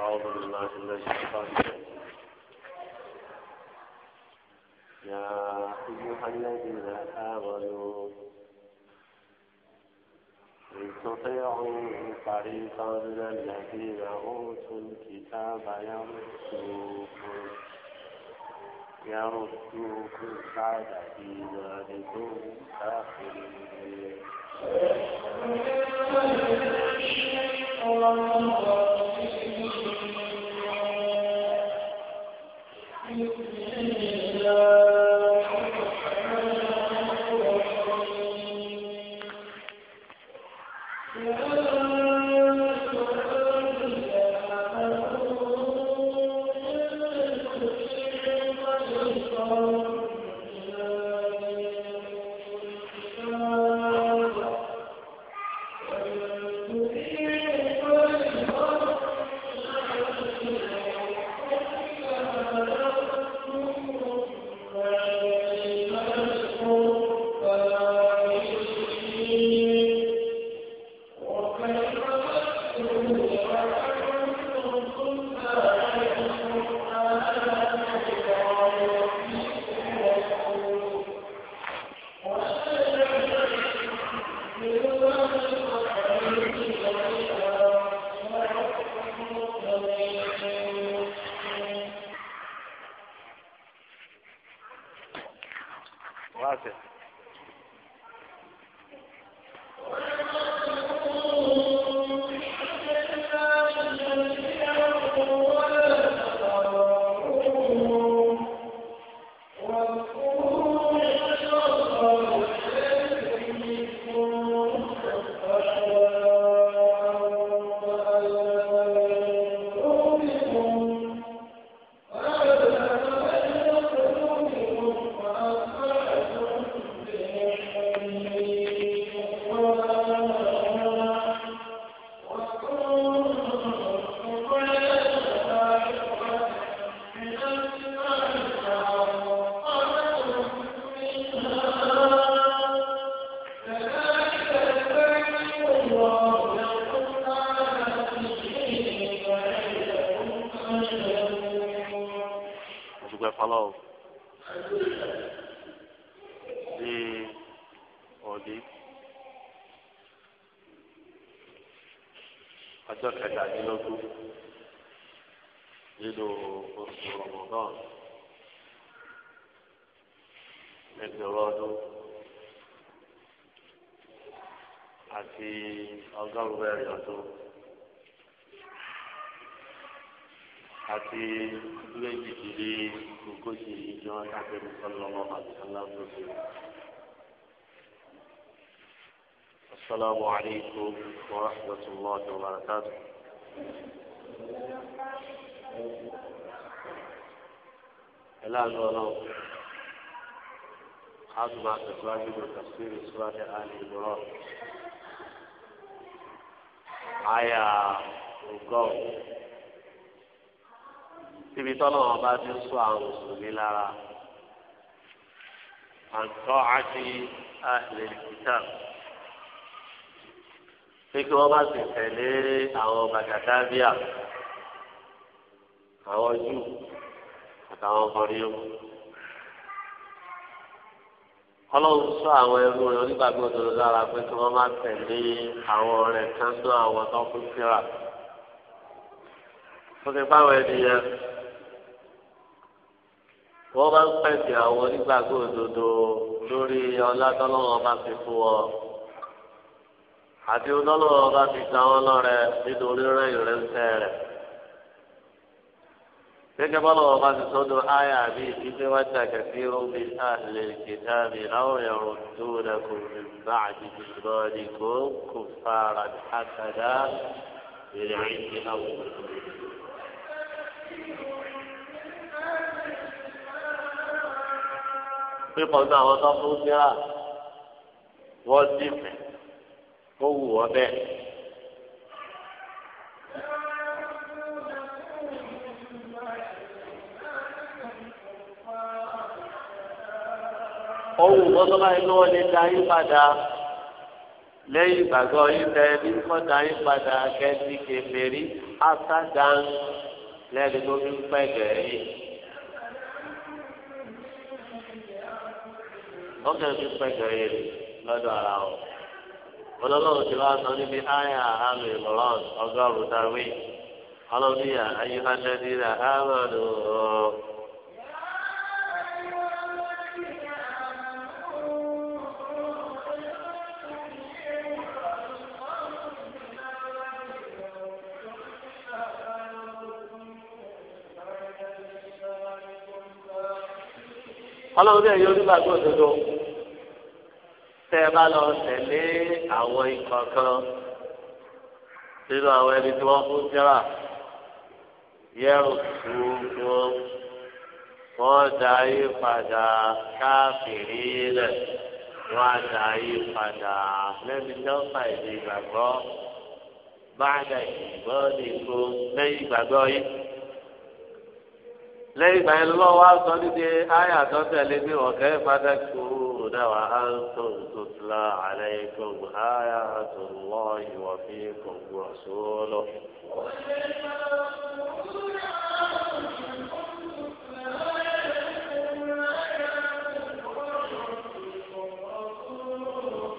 أعوذ بالله من الشيطان يا أيها الذين آمنوا إن تطيعوا فريقا من الذين أوتوا الكتاب يردوكم يردوكم بعد إيمانكم كافرين àti ọgọ́rùn-ún ẹ̀rí ọdún àti méjìdínlé ogójì ìjọ àtàkùn sọlọ́mọ àti aláàbòsí. السلام عليكم ورحمة الله وبركاته الآن ولو حضرت أسواج من تفسير سورة آل عمران àyà ọgọ́rùn-ún síbi tọ́nà wọn bá ti ń sọ àwọn mùsùlùmí lára àǹtọ́ àti àìlè kìtà pé kí wọ́n bá sì tẹ̀lé àwọn bàgàdábíà àwọn jù àtàwọn kan ní òkú ọlọ́run sọ àwọn ẹrú rẹ onígbàgbọ́ òdodo lára pé kí wọ́n má tẹ̀lé àwọn ọ̀rẹ́ kan tó àwọn tó kú síra. ó ti ènìyàn wọ́n bá ń pẹ̀sì àwọn onígbàgbọ́ òdodo lórí ọlátọ́lọ́wọ́n bá fi fún ọ àti ọlọ́lọ́wọ́n bá fi gbà wọ́n lọ́rẹ nítorí rẹ̀ ìrẹsẹ̀ rẹ̀ gẹ́gẹ́ bọ́lá wọn bá ti sọ́dọ̀ áyà bí ìdílé wá dà kẹfí omi àlè kìtàbí láwọn ẹ̀rọ tó lẹ́kọ̀ọ́ mi bá àdìdì lọ ní kó kò fara àkàdá ìrìn àìsí àwùjọ. pípọ̀ sí àwọn tó fún síra wọ́n sì fẹ́ wù ọ́ bẹ́ẹ̀. ọwọ́ bọ́sọ́ báyìí lọ́wọ́ lè da yín padà lẹ́yìn ìgbàgbọ́ yín tẹ ní kọ́ da yín padà kẹ́sì kẹfẹ́rí ásádàn lẹ́ni tó fi ń pẹ́ gẹ̀ẹ́yì. wọ́n kẹ́ fi ń pẹ́ gẹ̀ẹ́yì lọ́dọ̀ ara wọn. olólùwọ̀n ti wá sọ níbi àyà àmì ìmọ̀ràn ọgọ́rùn-ún táwí. ọlọ́bíyà ayélujára náà ọlọ́run náà yóò nígbà tó dodo tẹ́ ẹ bá lọ tẹ̀lé àwọn ikọ̀ kan nínú àwọn ẹni tí wọ́n fún jẹ́rà yẹ́rù tù wọ́n wọ́n dá yí padà káfìrí lẹ̀ wọ́n dá yí padà lẹ́ni tó fà ìdí ìgbàgbọ́ bá dà ìgbọ́ nìkan lẹ́yìn ìgbàgbọ́ yìí lẹ́yìn ìgbà yẹn lọ́wọ́ wa sọ dídé ayé àtọ́tẹ̀lé bí ọ̀kẹ́ pàtàkì òru dáwà á ń tó tutla alaykum ayé àtúnlọ́ ìwọ̀fí kòkó ọ̀ṣọ́lọ́.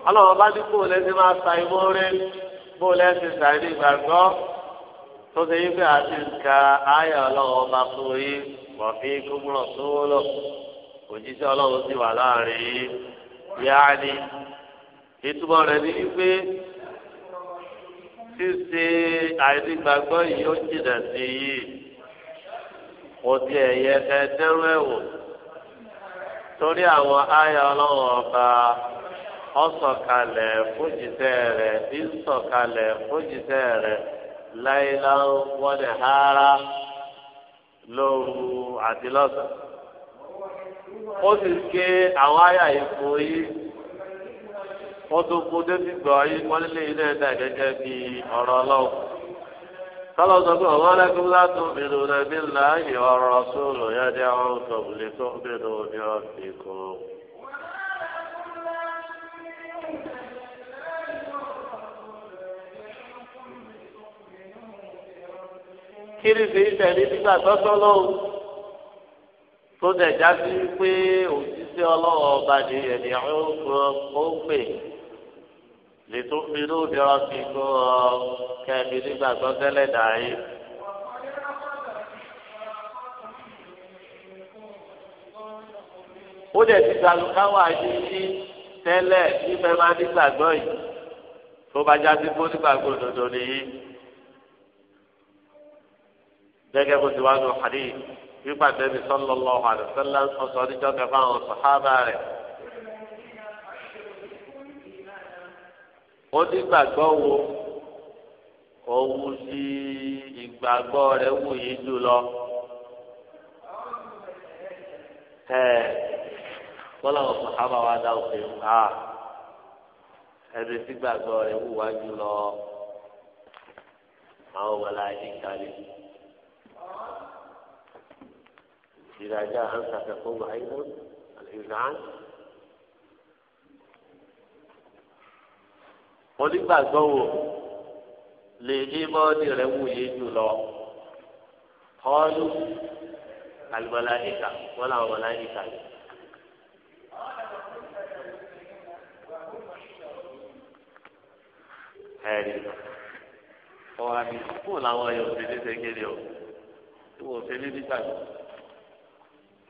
ọlọ́wọ́ bá dín kó lẹ́sìn máa sa ìwọ́ rẹ̀ kó lẹ́sìn sàrí ìgbàgbọ́ tó ṣe yí pé àti nǹkan ayé ọlọ́wọ́ bá fún yín. wàfi kúmúrọ̀ sówólọ̀ ojise ọlọ́run ti wà láàrin yáàni ìtumọ̀ rẹ̀ ni wípé ṣíṣe àìdígbàgbọ́ yìí ó jìnà sí yìí kò tiẹ̀ yẹ kẹ́ dẹ́rù torí àwọn àyà ọlọ́run ọba ọsọ̀kalẹ̀ fújìtẹ́ rẹ̀ ìsọ̀kalẹ̀ fújìtẹ́ rẹ̀ láìláwọ́ wọ́n lóru àti lọ́sàn. ó sì ké àwọn àyà ìfò yìí ó tún kú débi gbọ́ yìí wọ́n lé ilé ẹ̀dá gẹ́gẹ́ bí ọ̀rọ̀ ọlọ́run. kọ́lọ́ sọ pé ọ̀gá ọlẹ́kùn látún bìrù sóòlù àwọn tó ní ọ̀sìn kan. kí ni fi tẹ̀lé nígbà tọ́tọ́ lọ́wọ́ tó dẹ̀já sí pé òṣìṣẹ́ ọlọ́wọ́ ọba ni ẹ̀dì ó pè lè tó fi lóde ọtí kó ọ kẹ́mi nígbà tọ́tẹ́lẹ̀ dàáyé. ó dẹ̀ ti gbàlùkáwà yìí ní tẹ́lẹ̀ nífẹ̀ẹ́ máa nígbàgbọ́ yìí tó bá já sí fún nígbàgbọ́ òdodo nìyí gẹ́gẹ́ bó ti wá lọ hadith wípé àtẹ́bí sallallahu alaihi wasallam ọ̀sọ̀ níjọ́ kẹfà àwọn sàhábà rẹ̀. ó ní gbàgbọ́ wo òun sí ìgbàgbọ́ rẹ̀ wù yí jùlọ. bọ́lá àwọn sàhábà wa dá òkè ń ha ẹni tí gbàgbọ́ rẹ̀ wù wá jùlọ àwọn wọlé ayé kálí. إذا جاء أنت تقوم أيضا الإذعان onígbàgbọ́ wo lè ímọ́ọ́nì rẹ̀ wúye jù lọ kọ́ọ́lù àlùmọ́láyìíkà wọ́n làwọn mọ́láyìíkà yìí. ẹ̀rí ọ̀rọ̀ àmì fún làwọn ẹ̀yọ̀ òṣèlú ṣe kéde o tí wọ́n ṣe ní nígbàgbọ́.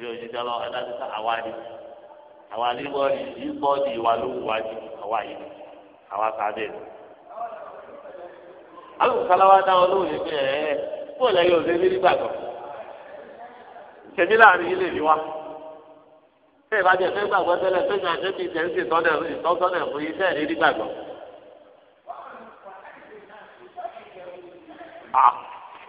ìrìn òjijì ọlọ́wọ́ ẹ̀dá ti sá àwa ni àwa ni wọ́n ní ìbọ́ ní ìwà ló wù wá ní àwa yìí ni àwa sábẹ́ ni. alùpùpàlà wa dáhùn lóhùn yìí pé ẹ̀ ẹ́ fún ìlẹ́yìn òde ní nígbàgbọ́. tèmi láàrin ilé mi wá. ṣé ìbájẹ́ fẹ́ gbàgbọ́ tẹ́lẹ̀ fẹ́ mi àti mi tẹ̀sí ìtọ́sọ́nà fún iṣẹ́ ní nígbàgbọ́. Ah,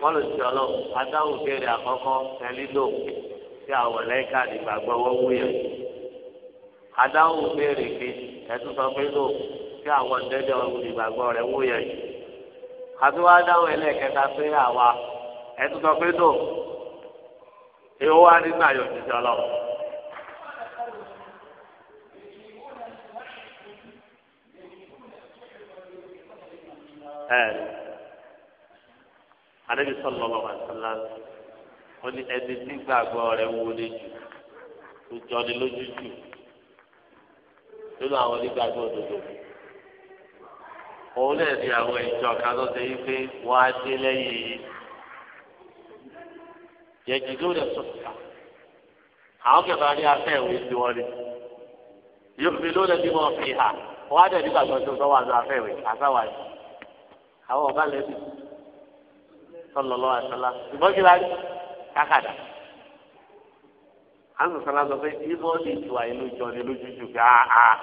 wọ́n lè ṣe ọlọ́run adáhùn kéré àkọ́kọ́ tẹ́lí lóhùn. tí àwọn ẹlẹ́ka nígbàgbọ́ ya wú yẹn. adáhùn béèrè pé ẹtú sọ pé lò tí àwọn ọ̀dẹ́dẹ́ ọ̀hún nígbàgbọ́ rẹ̀ wú yẹn. àtúwá adáhùn ẹlẹ́kẹta pé àwa ẹtú sọ pé lò nínú àyọ̀ òjijì ó ní ẹni tí gbàgbọ́ rẹ̀ wọlé jù tó jọni lójú jù nínú àwọn onígbàgbọ́ òdodo òun náà ní àwọn ìjọ kan tó ṣe yí pé wọ́n á dé lẹ́yìn yìí yẹtù tó lè sọ̀tà àwọn kẹfà ní afẹ́ ìwé tí wọ́n ní yóò fi ló lẹ́bí wọn fi hà wọ́n á dẹ̀bí gbàgbọ́ tó sọ wà ní afẹ́ ìwé àtàwà yìí àwọn ọ̀gá lẹ́bí sọlọ́lọ́ àṣálá ìbọn kí la rí. kakada àwọn sọlá sọ pé ibo ti tu àìlú jọ ni lójújú pé àá ah,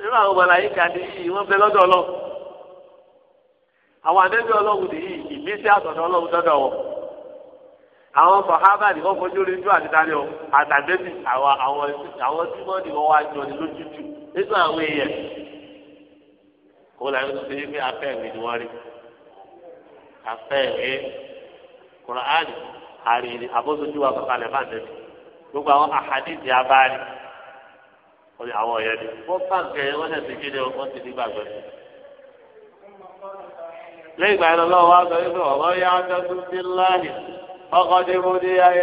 nínú ah. àwọn ọmọlá yìí kàdé yìí wọn bẹ lọ́dọ̀ ọlọ àwọn àdébí Ọlọ́run nìyí ìmísí àtọ̀dọ̀ Ọlọ́run dọ́dọ̀ wọn àwọn sọhábà harvard wọn fojú rí ju àtìdáni o àtàgbẹbí àwọn àwọn àwọn tí wọn ni wọn wá jọ nínú àwọn èèyàn kó tó ṣe é pé afẹ́ mi ni wọ́n rí afẹ́ mi. kùránì àrìnrìn àbóṣojú wa kọ̀ọ̀kan lè fàǹdẹ̀ mi gbogbo àwọn àhàdìsì abáàrí wọ́n ní àwọn ọ̀yẹ́ ni wọ́n báńkì ẹ̀ wọ́n tẹ̀sí kí ni wọ́n ti nígbàgbọ́ ni. lẹ́yìn ìgbà yẹn lọ́wọ́ wa sọ wípé ọ̀rọ̀ yá dẹ́kun sí láàyè ọkọ̀ dìbò ní àyè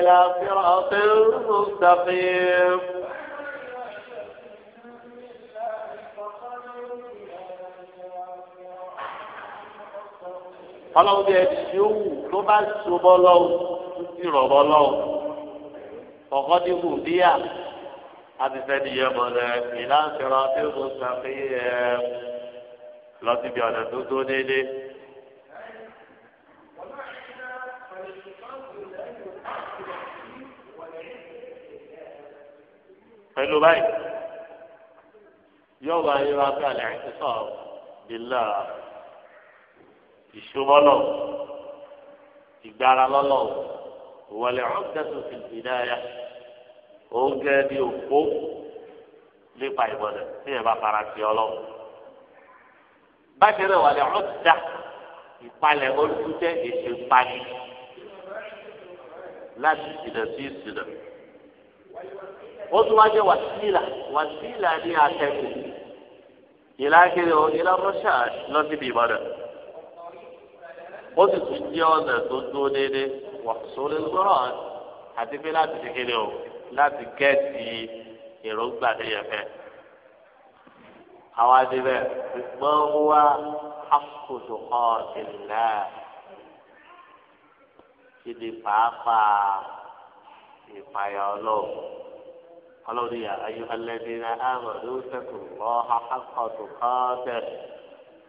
ọlọ́run bí ẹni tí ó wù tó bá sobọ́ lọ́wọ́ tó ti rọ̀bọ́ lọ́wọ́ kọ̀kọ́ ti wù bíyà àtìsẹ́ni yẹ mọ̀lẹ́ ìlànà tí ó mú sàfihàn lọ síbi ọ̀nà tó tó déédéé. pẹ̀lú báyìí yóò wáyé wá sí àlẹ́ bí lára ìṣubọ́lọ̀ ìgbára lọ́lọ́ ìwọlé ọ̀gẹ́sùn ti fi dáyà oúnjẹ ní òkú nípa ìbọ̀dẹ̀ tí ẹ bá fara sí ọlọ́ bákan náà wàlẹ̀ ọ̀dà ìpalẹ̀ olùdíjẹ́ èsì ìpani láti ìsìnà sí ìsìnà ó tún wá jẹ́ wàsílà wàsílà ní atẹ́kùn ìlà kiri ìlà rọ́ṣà lọ síbi ìbọ̀dẹ̀ ó sì tún jẹ́ ọ̀nà tó dúró déédéé wà sórí gbọ́rọ̀ àti pé láti ṣe kéde o láti gẹ́ẹ̀tì èròǹgbà níyẹn fẹ́. àwọn adébẹ̀ ṣùgbọ́n wá àkóso kan ìdí pàápàá ìpayà ọlọ́run ọlọ́run yà ayé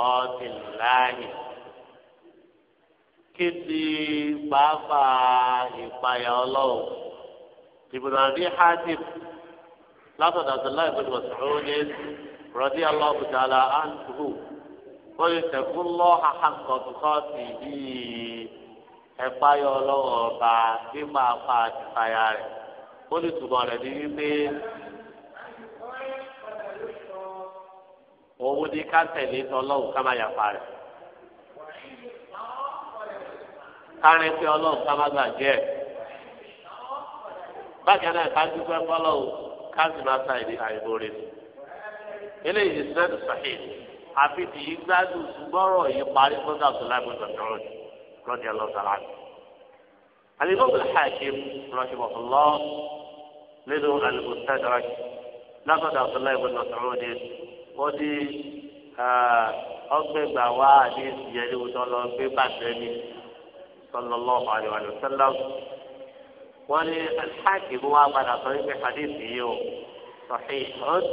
ọ̀kọ́tì láàyè kí ti pàápàá ìpayà ọlọ́run ìbùdó àbí na látọ̀dọ̀ àtúnlá ìbùdó ọ̀sùnrúnì rọ̀dí aláàbùdàlà àǹtùhù ó lè tẹ̀kú lọ́ àhàkọ́ tùkọ́tì yìí ẹ̀páyà ọlọ́run ọba bí pàápàá ìpayà rẹ̀ ó lè túbọ̀ rẹ̀ ní wípé. owó ní ká tẹ̀lé tọ́ ọlọ́run ká má yàpa rẹ̀ kárin pé ọlọ́run ká má gbàjẹ́ bákan náà ká dúpẹ́ fọlọ́run ká sì má sa èdè àìbò rẹ̀ eléyìí sẹ́dù sàhìn àfi tì í gbádùn gbọ́rọ̀ yìí parí fún abdullahi bin abdullahi rọ́dí ọlọ́sàlá alimọ́bù hakim rahimahullah nínú alimusadrak lásọ̀dọ̀ abdullahi bin abdullahi. wọ́n ní ọgbẹ́gbà wa ní ìyẹn ní wọ́n lọ gbé bàtẹ́ mi sallallahu alaihi wa sallam wọ́n ní alḥakim wa padà sọ wípé hadith yìí o sahihun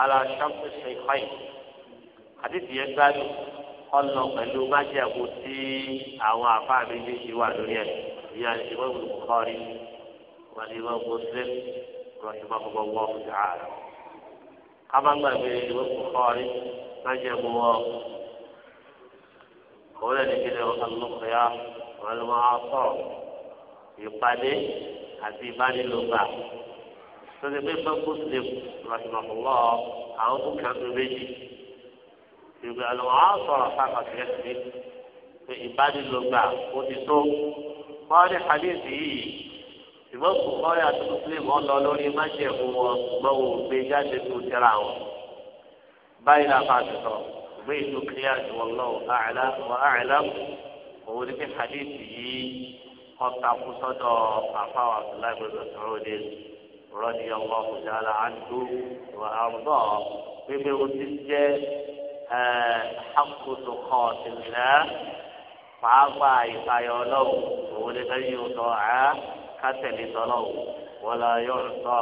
ala shartu shaykhayn hadith yẹn gbádùn ọlọ pẹ̀lú májẹ̀kú tí àwọn àfáà méjèèjì wà lórí ẹ̀ ìyá ìwé olùkọ́rí wà ní ìwé Muslim rahimahullah ta'ala kábàgbàgbé ìwé kọ̀ọ̀rí lọ́jọ́ ìgbòho òun lè dìde ọ̀sánlọ́kọ̀yà ọ̀rẹ́lẹ́mọ́ sọ̀rọ̀ ìpàdé àti ìbánilògbà tóbi pé fẹ́ muslim rọ̀tìmọ̀kùnlọ́ àwọn tó kàn tó méjì ìgbà lọ́wọ́ sọ̀rọ̀ sákàtúnyẹ́ sí pé ìbánilògbà ó ti tó wọ́n ní hadith yìí ṣùgbọ́n kò kọ́ yàtọ̀ muslim wọn lọ lórí májèkú wọn ṣùgbọ́n wò gbé jáde tó tẹ́ra wọn. báyìí la fa ti sọ ìgbé ìlú kílíà ju wọn lọ àìlá wọn àìlá òun ni pé hadith yìí ọta kú sọ́dọ̀ àfáwà abdullahi gbọdọ̀ sọ̀rọ̀ ní rọ́ọ̀dì ọmọ ọ̀dàlà àdó wà àrùbọ̀ pépé o ti jẹ́ hakutu kọ́ọ̀tì pàápàá ìfàyọ̀ ọlọ́run òun ni ká yíyọ sọ àá kásẹ̀lì tọ́lọ̀ wọlé yóò sọ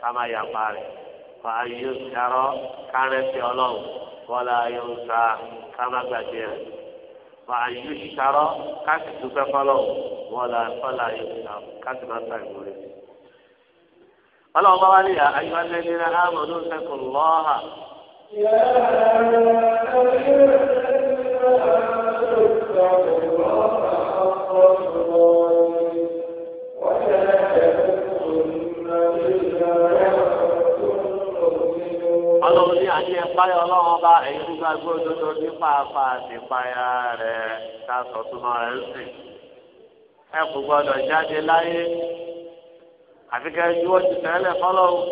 kámá yàpá rẹ̀ fà yóò sàrọ̀ kárẹ́sì ọlọ́wọ́ wọlé yóò sà kámá gbàgbé rẹ̀ fà yóò sàrọ̀ kásì dúpẹ́ fọlọ́ wọlé fọlá yóò sà kásì má sà ìwúrẹ́ ọlọ́wọ́ bá wà ní àyùwá lẹ́ni náà àmọ́ ló ń sẹ́kùn lọ́hà. Thank you ọlọ́run ní àti ẹ̀páyà ọlọ́run ọba ẹ̀yìn nígbà gbọ́dọ̀dọ̀ ní pàápàá àti ìpáyà rẹ̀ ká sọ túmọ̀ rẹ̀ ń sìn. ẹ kò gbọ́dọ̀ jáde láyé àfikẹ́ ju wọ́n ti tẹ́lẹ̀ fọlọ́run.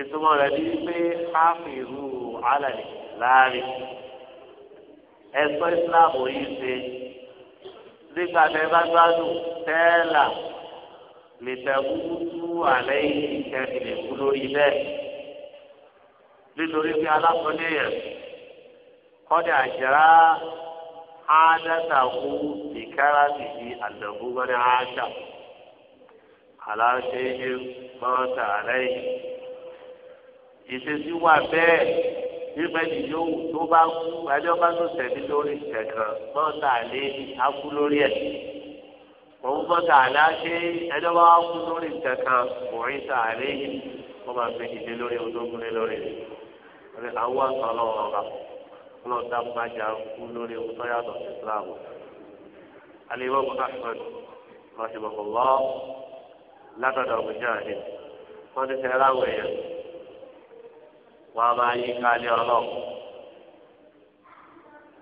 ìtumọ̀ rẹ̀ ní pé hafiru alẹ́ láàrin ẹ̀sọ́ ìsìláàmù yìí ṣe nígbà tẹ bá gbádùn tẹ́ẹ̀là lè tẹ̀kú tú àlẹ́ yìí kẹ́kẹ́ lè kú lórí bẹ́ẹ̀ nítorí pé alákọ̀ọ́lẹ̀ yẹn kọ́dà àjẹrà ádàtàkù ìkárà nìyí àdàkù gbọ́dọ̀ áṣà aláṣẹ yìí gbọ́dọ̀ àlẹ́ yìí ìṣesí wà bẹ́ẹ̀ ìgbà yìí yóò tó bá kú ẹni ọba tó sẹ̀mí lórí kẹ̀kẹ́ mọ́tà lé akú lórí ẹ̀ òun mọ́tà aláṣẹ ẹni ọba kú lórí kẹ̀kẹ́ òun tà lé wọ́n máa fi ìdílé lórí ológun lé lórí rẹ̀ àwọn àtọ̀lọ́ ọ̀rọ̀ ọlọ́dà bàjá kú lórí ohun tó yàtọ̀ sí Islam alimọ́ Ahmed rahimahullah látọ̀dọ̀ ọ̀gbìn jáde wọ́n ti tẹ̀ láwọn èèyàn wọn a máa yí kálí ọlọ́ọ̀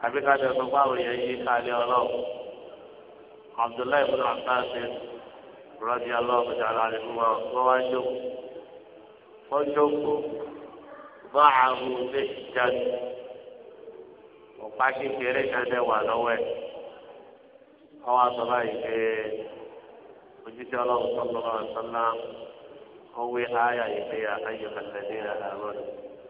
àbí ká tẹ̀sán fún àwọn èèyàn yí kálí ọlọ́ọ̀ Abdullahi ibn Abbas rọ́bì aláwọ̀ dàrá rẹ̀ fún wa wọ́n wá jókòó wọ́n jókòó bá àrùn lè jáde ọ̀pá kékeré kan tẹ̀ wà lọ́wọ́ ẹ̀ ọwọ́ àtọ́lá yìí pé ojúṣe ọlọ́run sọ́kọ́ ọ̀sán náà ọwọ́ ayà yìí pé ayọ̀ kàlẹ́ ní àárọ̀ rẹ̀.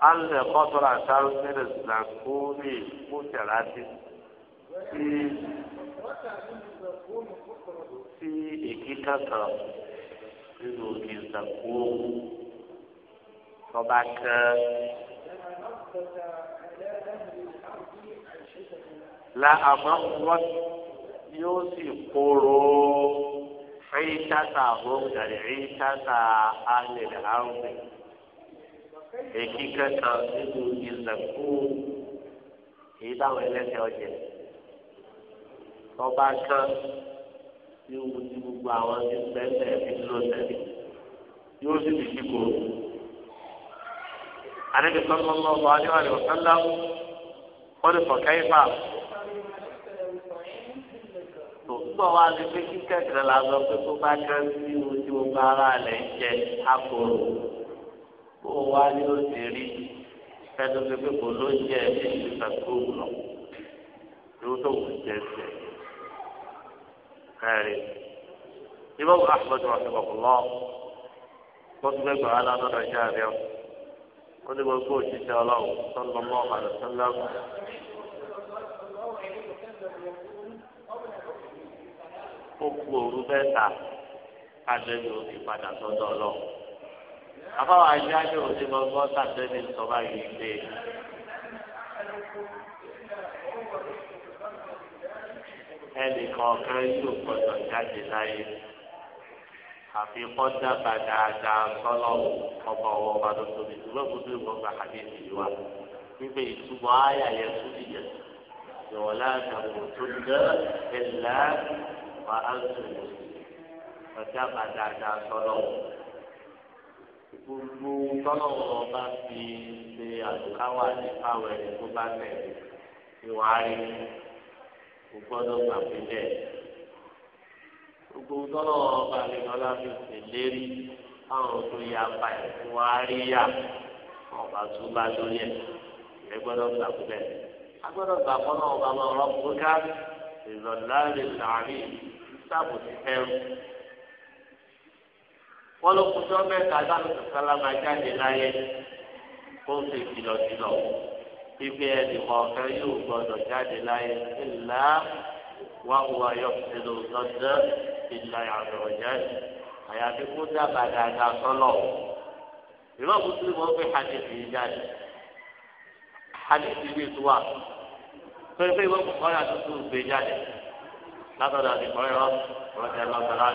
alẹ kọtọlá sáré sílẹ zakúni kútẹrati tí tí èkìkà kan nínú òkè zakú tọba kan la àmọ́ wọ́n yóò sì kóró ẹ̀yìn tata àwọn ọ̀gá rẹ̀ àrùn èkí kẹta nínú ìzẹ̀kú èyí táwọn ẹlẹ́sẹ̀ ọ̀jẹ̀ ọba kan yóò mú ti gbogbo àwọn tí pẹ́ẹ́pẹ́ fi lọ sẹ́yìn yóò sì fi kíkó. àdébí sọ́kọ́ lọ́wọ́ aléwàlẹ̀ ọ̀sánlá wọ́n lè fọ̀kẹ́ ifá. tòkúbọ̀ wá sí pé kíkẹ́kẹ́ la sọ pé kó bá kẹ́ sí ohun tí gbogbo ara rẹ̀ jẹ́ àpòrò kó o wá ní ó ti rí fẹ́ẹ́ tó pé kò ló ń jẹ ẹ̀mí ìlú sàkóòwò lọ ló tó wù jẹ ẹsẹ̀ ẹ̀rí. Imam Ahmad rahimahullah wọ́n tún fẹ́ gbà á lọ́dọ̀ ọjà rẹ̀ ó ní gbogbo òṣìṣẹ́ ọlọ́run sọ́nà mọ́ àlùsọ́lá. ó kú òru bẹ́ẹ̀ ta ká lẹ́yìn òbí padà sọ́dọ̀ ọlọ́run afáwọn aṣáájú òsì gbọgbọ sàtẹnì sọba yìí pé. ẹnì kọ̀ọ̀kan yóò gbọdọ̀ jáde láyé àfi kọ́dà bàdàdà sọ́lọ́ ọba ọwọ́ ọba tó tóbi ṣùgbọ́n kò tó ìbọn bá wípé ìtumọ̀ ayà yẹn tún nìyẹn ìwọ̀n láàbò tó dẹ́ ẹ̀là wà á tún kọ́dà bàdàdà sọ́lọ́ gbogbo tọ́lọ́wọ́ ọba fi ṣe àdùkáwà ní fáwọn ẹni tó bá tẹ̀lé tí wọ́n á rí kó gbọ́dọ̀ gbà pé bẹ́ẹ̀. gbogbo tọ́lọ́wọ́ ọba mi lọ́la fi ṣe lérí fáwọn tó yá apá ẹ̀ tí wọ́n á rí yá ọba tó bá lórí ẹ̀ ẹ gbọ́dọ̀ gbà pé bẹ́ẹ̀. a gbà pọ́ náà ọba máa rọ́pò ká ìrọ̀lá rẹ̀ làárín sábò ti fẹ́ràn wọn ló kú sọ mẹ́ta dáná kankan lábàá jáde láyé kó o sì kìlọ̀kìlọ̀ pípẹ́ ẹnìkan ọ̀fẹ́ yóò gbọdọ̀ jáde láyé ńlá wà wà yọ sílò lọ́dọ̀ ìlà àrùn jáde àyàfi kó dábàá dáadáa sọ́lọ̀ ìmọ̀ kùtù wọn fi hadithi yìí jáde hadithi yìí tó wà pé pé ìwé kòkòrò àti tó gbé jáde látọ̀dọ̀ àti kọ́rẹ́ rọ́ rọ́jà lọ́sọ̀rọ̀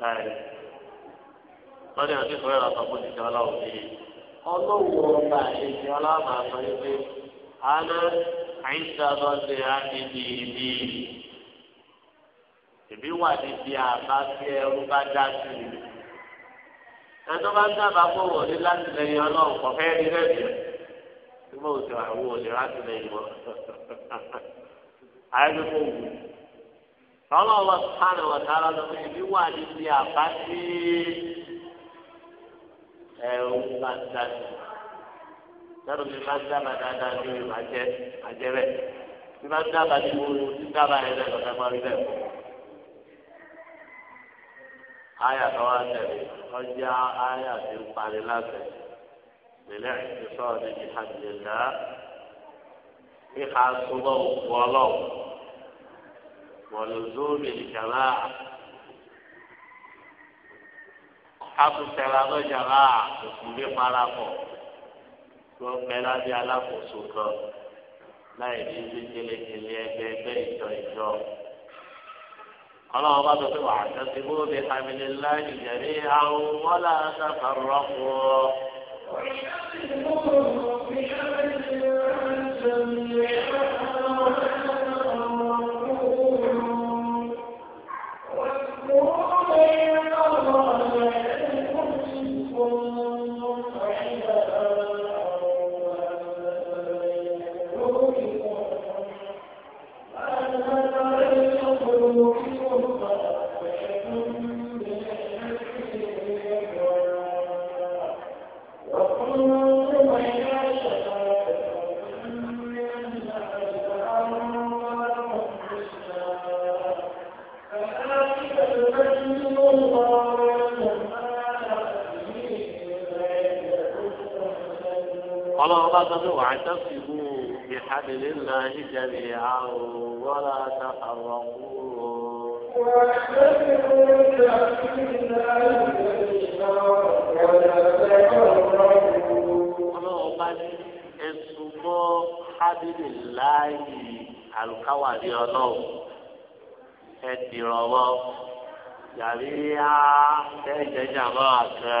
lọ́dẹ ọdún ìfọwọ́ ìrọ̀lọ́ fún ti jọlá òbí ọlọ́wọ́ ọba ìṣẹ́ ọlọ́mà sọ wípé àná àyíṣà lọ́dẹ àti bìbí ìbí wà níbi àbá tí ẹrú bá dá sí i ẹjọ́ bá ń dábàá pé wọ́n ní láti lẹ́yìn ọlọ́run kọ̀ fẹ́ rí lẹ́bi tí mo sì àwọn olè láti lẹ́yìn wọn àyẹ̀wò kò wù ọlọ́wọ́ sáré wọ̀tara ló fi ìlú wà níbi àbá sí ẹ̀rù bàtà lẹ́nu mi máa ń dábàá dáadáa ní ìlú àjẹ àjẹ rẹ̀ mi máa ń dábàá ní ìlú tí dábàá yẹn lẹ́nu ọ̀gá máa rí bẹ́ẹ̀ fún un. آية تواتر رجع آية القارلات بالاعتصام بحبل الله إخاصمه ولو ولزوم الجماعة akutẹ̀lá lọ́jà náà òkùnlé parapọ̀ tó mẹ́lá bí alákòóso kan láì ní ibi kélekèlé ẹgbẹ́ ẹgbẹ́ ìjọ ìjọ. ọlọ́run bá sọ pé wàá tẹ́sí bó lè hàmìlẹ̀ láì pàdé ọlọ́run ẹ ti rọwọ́ yàrá yá ẹ̀jẹ̀ jàmbá àkẹ́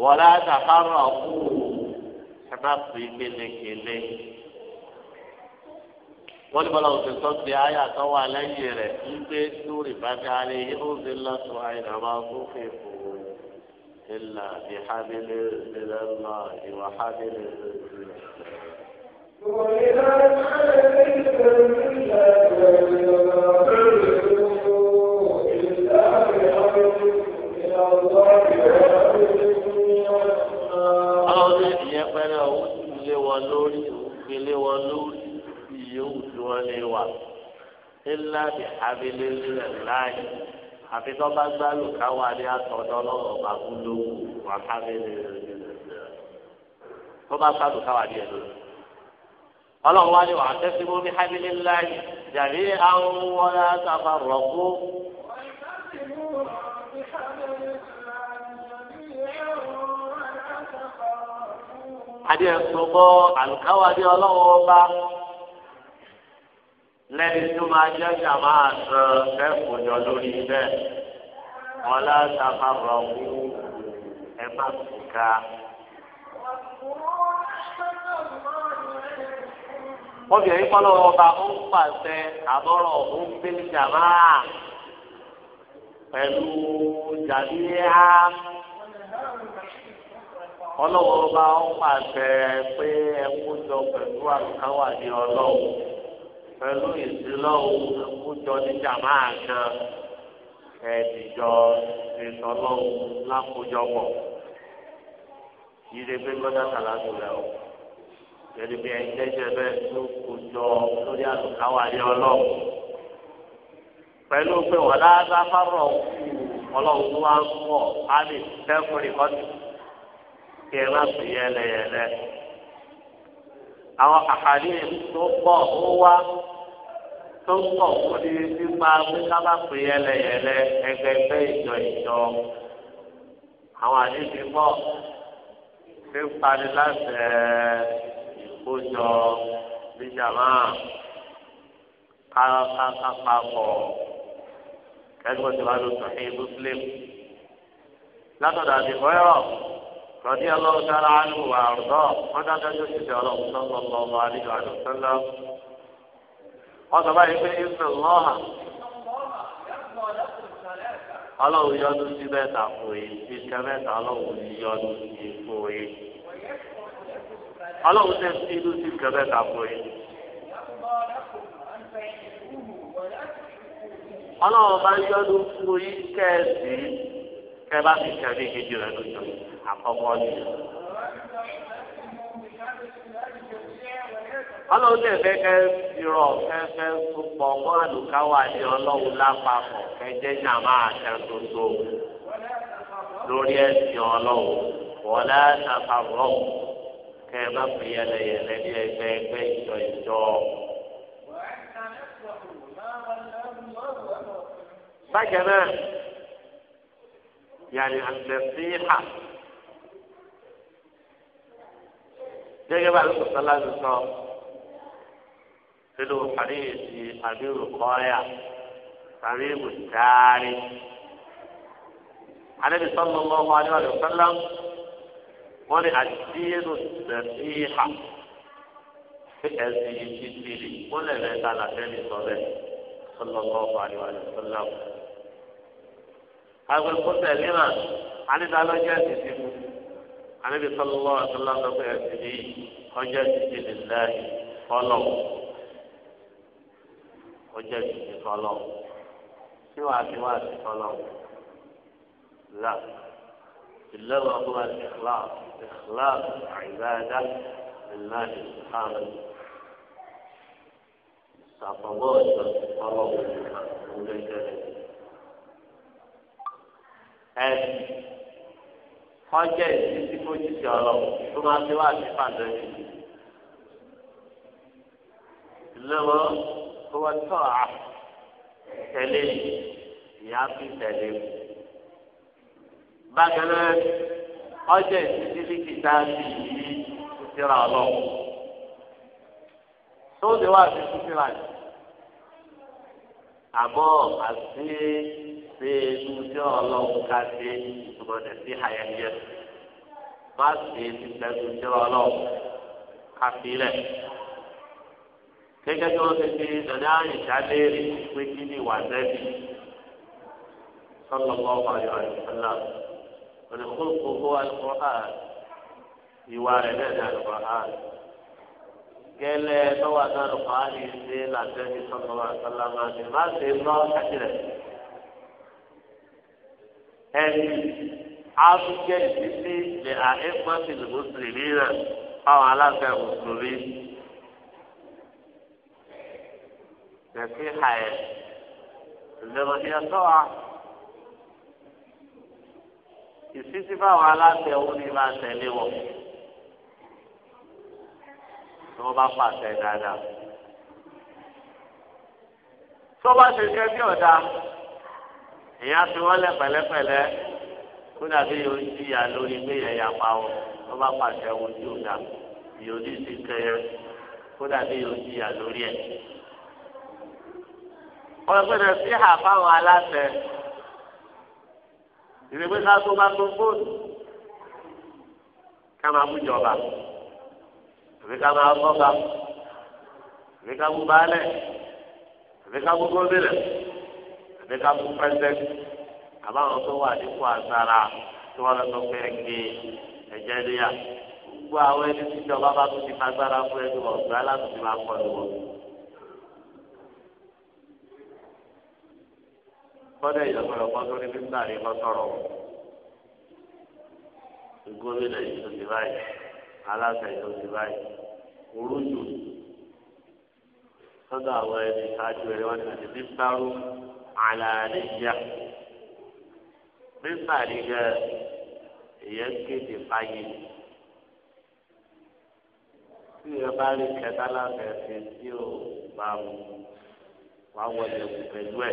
wọlé àtàkárọ̀ kú ẹ bá fi gbélekèlé wọ́n ní bọ́lá òsè sọ pé ayé àtọ́wọ́ aláyé rẹ̀ ń gbé lórí bàbá alẹ́ yìí ó ṣe àyìnbá máa kó fèèfò ìlà ìhábílẹ̀ ìlẹ̀ ńlá ìwà ńlá bí abilé lílẹ̀ láàyè àfi tó bá gbálù káwá ní àtọ̀dọ́ lọ́wọ́ bá kú lówó wà abilé lílẹ̀ tó bá gbálù káwá ní ẹ̀dọ́ ọlọ́run wá ní wàá tẹ́sí mú ní hábílélàyé jàrí àwọn wọlé àtàfà rọ̀kú. adé ẹ̀sùnmọ́ àlùkáwádé ọlọ́run ọba lẹ́ni tó máa jẹ́ jàmá àtàn kẹ́kọ̀ọ́ jọ lórí bẹ́ẹ̀ wọlé àtàfà rọ̀kú ẹ̀ má kú wọ́n fi ẹ̀yìn kọ́lọ́ ọba ó ń pàṣẹ àbọ̀rọ̀ ó ń gbé jàmá pẹ̀lú jàdíyà ọlọ́wọ́ ọba ó pàṣẹ pé ẹ̀wọ́n jọ pẹ̀lú àlùkáwà ní ọlọ́wọ́ pẹ̀lú ìsìlọ́wọ́ ẹ̀wọ́jọ ní jàmá kan ẹ̀ẹ́dìjọ ìsọlọ́wọ́ lákòjọpọ̀ yìí lè gbé gbọ́dọ̀ kàlá tó rẹ̀ o pẹ̀lú bí ẹni tẹ́jọ́ bẹ́ẹ̀ tó kó jọ lórí àlùkáwà ní ọlọ́run pẹ̀lú pé wọ́n lágbá fárọ̀ ọlọ́run tó wá ń pọ̀ á lè tẹ́kùn rìkọ́tì kí ẹ má fi yẹlẹyẹlẹ. àwọn àkàlí tó pọ̀ ó wá tó pọ̀ kó ní nípa pé ká má fi yẹlẹyẹlẹ ẹgbẹgbẹ́ ìjọ ìjọ àwọn àdébí pọ̀ ṣé ń parí láti ẹ̀ẹ́ kó jọ níjàmá kápákọ̀ kẹ́gbọ́n ti wá ló sọ̀hìn muslim látọ̀dọ̀ àti bọ́yọ̀ rọ̀dí ọlọ́run sára ánú wà ọ̀dọ́ wọn dájọ́ yóò ti dẹ̀ ọlọ́run sọ́kọ̀ lọ́wọ́ àdìgbò àdìsọ́lá wọn sọ báyìí pé ìsìn lọ́hà ọlọ́run yọ́dún sí mẹ́ta fòye ìṣẹ́ mẹ́ta ọlọ́run yọ́dún sí fòye ọlọ́run tẹ́ sí inú sí kẹfẹ́ ta fún yìí. ọlọ́run bá ń yọ́nú fún yín kẹ́ẹ̀sì kẹ́ bá fi kejì rẹ̀ lójú àkọ́kọ́ ni. ọlọ́run tẹ̀ fẹ́ kẹ́ irọ́ kẹ́fẹ́ púpọ̀ mọ́ àlùkáwà ní ọlọ́run lápapọ̀ kẹ́jẹ́ nyàmá àtẹ̀tòtò lórí ẹ̀sìn ọlọ́run wọ́n lẹ́sàkàrọ̀ kẹ ẹ má fi yẹlẹyẹlẹ ní ẹgbẹ́ ẹgbẹ́ ìjọ ìjọ. bákan náà yàrá àgbẹ̀sí hà gẹ́gẹ́ bá lóko sọ́lá ti sọ nínú àríyèsí àbírù kọ́ọ́yà tàbí mùsàárì. Àdébìsọ́ lọ́wọ́ ọmọ adéwàlú sọ́lá wọ́n ní àdínú nàfíhà ẹ̀sìn yìí ti rí wọ́n lè rẹ̀ ta làtẹ́lẹ̀ sọ́lẹ̀ sọlọ́kọ́ àríwá sọlá. agbẹ̀kọ́sẹ̀ mìíràn anídàlọ́jẹ́ ti ti mú aníbi sọlọ́kọ́ sọlá lọ́kọ́ ẹ̀sìn yìí ọjọ́ ti ti lè láàyè kọ́lọ̀ ọjọ́ ti ti kọ́lọ̀ tí wàá ti wàá ti kọ́lọ̀ là. إلا وهو الإخلاص إخلاص عبادة لله سبحانه تفضل تفضل ولكن أن حاجة تكون تشارة ثم سوى تفضل إلا هو الطاعة تلين يعطي تلين bákan náà ọjọ́ ìdílé kìtà bìí síra ọlọ́run tó lè wá sí síra yìí àmọ́ àti ṣe ìdúnjẹ ọlọ́run ká ṣe ìtumọ̀dé sí ayẹyẹ má ṣe ìdúnjẹ ìdúnjẹ ọlọ́run ká fi rẹ̀ gẹ́gẹ́ bí wọ́n ti fi nàní àyíká léèrè pé kí ni ìwà nẹ́bí sọ́lọ́mọ́ ọ̀pá yọ̀ àyíká náà olùkókò kó alukóhán ìwà rẹ̀ náà ní alukóhán gẹ́lẹ́ tọ́wọ́ àti alukóhán yìí ṣe làtẹ́ni sọ́kọ́ àtàlámà ní má ṣe lọ́ kájìlẹ̀ ẹni àtúnjẹ ìdílé lè àìpọ́sí mùsùlùmí náà fáwọn aláfẹ́ mùsùlùmí. Nàìjíríà ẹ̀ ǹdẹ̀mọ̀ ìyàtọ̀ wa ìṣísí fáwọn aláṣẹ òun ni máa tẹ̀lé wọn tí wọ́n bá pàṣẹ dáadáa. tó bá ṣe ṣe bí ọ̀dà ìyá fi wọ́n lẹ̀ pẹ̀lẹ́pẹ̀lẹ́ kó dàbí yóò jìyà lórí pé ẹ̀yà pa ọ́ tó bá pàṣẹ òun tí ò dà yóò ní sí kẹyẹ kó dàbí yóò jìyà lórí ẹ̀. ọ̀pẹ̀lẹ̀ sí àfáwọn aláṣẹ ìrèwé ká tó bá tó fóònù ká máa mú ìjọba ìrèwé ká máa bọ́ba ìrèwé ká mú baálẹ̀ ìrèwé ká mú gómìnà ìrèwé ká mú pẹ́sidẹ́ntì àbáwọn tó wà nípò àgbára tí wọ́n lọ sọ pé ẹgbẹ́ ẹ̀jẹ̀ níyà gbogbo àwọn ẹni tí ìjọba bá tún ti fagbára fún ẹgbẹ́ ọ̀gbẹ́ aláàtúntì máa pọ̀ lọ́wọ́. kọ́dọ̀ ìyàgbọ́dọ̀ kan tó ní bíńtà ní kan sọ̀rọ̀ wọn. gómìnà yìí tó ti báyìí aláṣẹ yìí tó ti báyìí orújù sọ́dọ̀ àwọn ẹni ṣáájú ẹ̀rẹ́ wọn ti bíńtà rú àlàyé yá bíńtà ní gẹ èyẹ kéde fáyé tí ẹ bá rí kẹta láti ẹsẹ tí ò bá wọlé pẹ̀lú ẹ.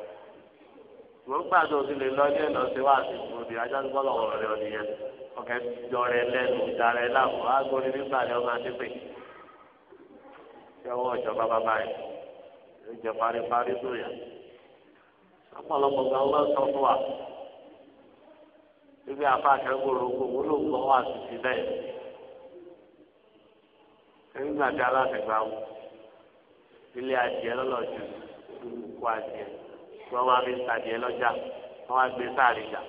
wọ́n gbà tó ti lè lọ ilé lọ sí wá sí ìgbòdì ajá ń gbọ́ lọ́wọ́ rẹ̀ ọ̀dì yẹn ọ̀kẹ́ jọrẹ lẹ́nu ìdarẹ láàmú agbóni nígbà ni ọmọ adépè yọwọ́ ìjọba bàbá yẹn tó yà sọ fún wa ibi àfàkẹ́ gbòòrò wọn ló gbọ́ wá sí ti bẹ́ẹ̀ aláṣẹ gbà wọ ilé tí wọ́n wá fi sàdìẹ lọ́jà wọ́n wá gbé sáàrin jà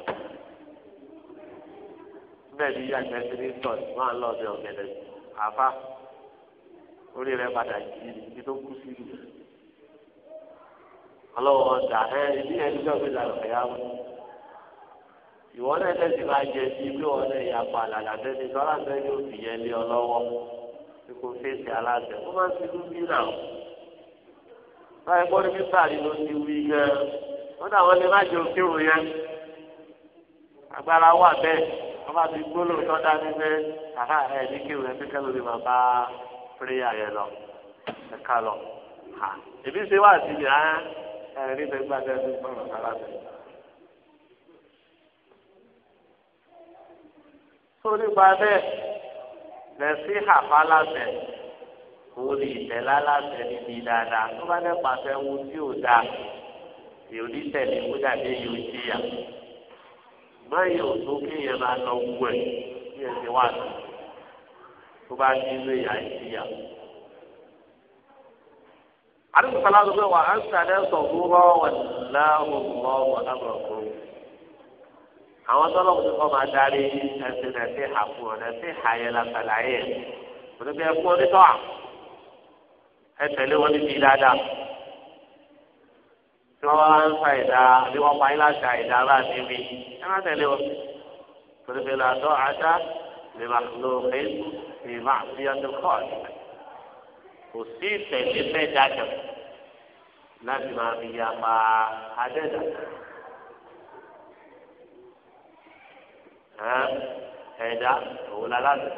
bẹ́ẹ̀ ni yíyá ìgbẹ́ ti ní sọ ìgbọ́n àlọ́ ọ̀dẹ ọ̀gẹ̀dẹ̀ àfa orí rẹ̀ padà jì ní tó kú sí ìlú ọlọ́wọ́ ọ̀dà ẹ ìdí ẹni tó fi dàrú ẹ̀yà mú ìwọ náà tẹ̀sí máa jẹ sí ilé wọn náà yà pa àlàlà tẹ́sí tọ́lá tẹ́sí òfìyẹ lé ọ kó fèsì aláṣẹ kó má sí lú bí náà báyìí kọ́ ní mísàlì ló ti wí gan wọ́n ní àwọn lè má jẹ òkèrò yẹn agbára wà bẹ́ẹ̀ wọ́n bá ti gbóló tó dání pé kàkà ẹ̀ ní kéwì ẹ̀ kíkẹ́ lórí bàbá pírẹ́yà yẹn lọ ẹ̀ ká lọ. èmi ṣe wá sí ibi ẹ̀ ẹ̀ ní ìgbà tẹ́ ẹ ti gbọ́n ọ̀sán sórí gba bẹ́ẹ̀ lẹ́sí àfáláṣẹ́ kó lè tẹ̀lé aláṣẹ níbi dáadáa tó bá dẹ́ pàṣẹ wo tí ò dáa èyí ní tẹ̀lé kó dàbí èyí ò jìyà báyìí ò tó kéèyàn máa lọ wú ẹ̀ kí ẹ ti wà lọ tó bá ní inú ìyá ìjìyà. àdúgbò kan láti pé wà á ń sàdé sọ̀rọ̀ wà láhùn mọ́ wà lábọ̀ kó. àwọn tọ́lọ́mù tó kọ́ máa darí ẹsẹ̀ náà sí àpò ọ̀nà sí àyẹ̀lá sàlàyé ẹ̀ kò ní bẹ́ẹ̀ kú ọ ẹ tẹ̀lé wọn níbi dáadáa tí wọ́n bá ń fa ìdá àbí wọ́n pa ilá ṣe àìdá bá níbi ẹ má tẹ̀lé wọn torí pé làtọ́ àṣà lè má lò pé lè má fi ọdún kọ́ ọ̀dọ̀ kò sí ìtẹ̀lé fẹ́ dájọ́ láti máa fi ya pa adẹ́dà. ẹ̀dá òun la láti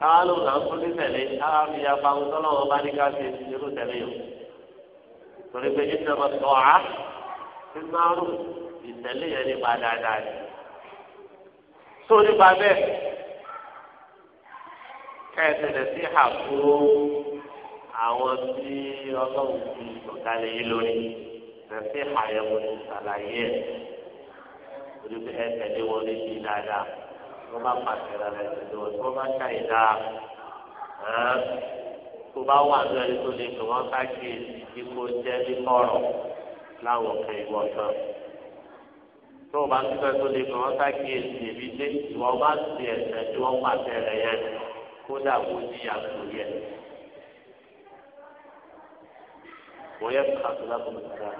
káwá ló là ń tún ní tẹ̀lé ara fi ya pa ohun tọ́lọ́ wọn bá ní ká ṣe irú tẹ̀lé yòó torí pé ní sọ́kọ̀ tọ́ a ti máa rù ìtẹ̀lé yẹn nípa dáadáa ni. tó nípa bẹ́ẹ̀ kẹ́ẹ̀sì rẹ̀ sí àkúrò àwọn tí ọlọ́run ti sọ̀kalẹ̀ yìí lórí rẹ̀ sí àyẹ̀wò ìsàlàyé ẹ̀ torí pé ẹ̀ tẹ̀lé wọn ní ti dáadáa tó bá pàṣẹ rẹ lẹ́sìn tó tó bá ṣàì dá tó bá wà ní ẹni tó lè tó wọ́n sáàkì ikú jẹ́ ní kọ̀rọ̀ láwọn òkè ìwọ̀ kan tó o bá ń tẹ́ tó lè tó wọ́n sáàkì èbí dé ìwọ bá ti ẹ̀sẹ̀ tí wọ́n pàṣẹ rẹ yẹn kódà kó di àpò yẹn. wọ́n yẹ kí a tó lábọ̀ nípa rẹ̀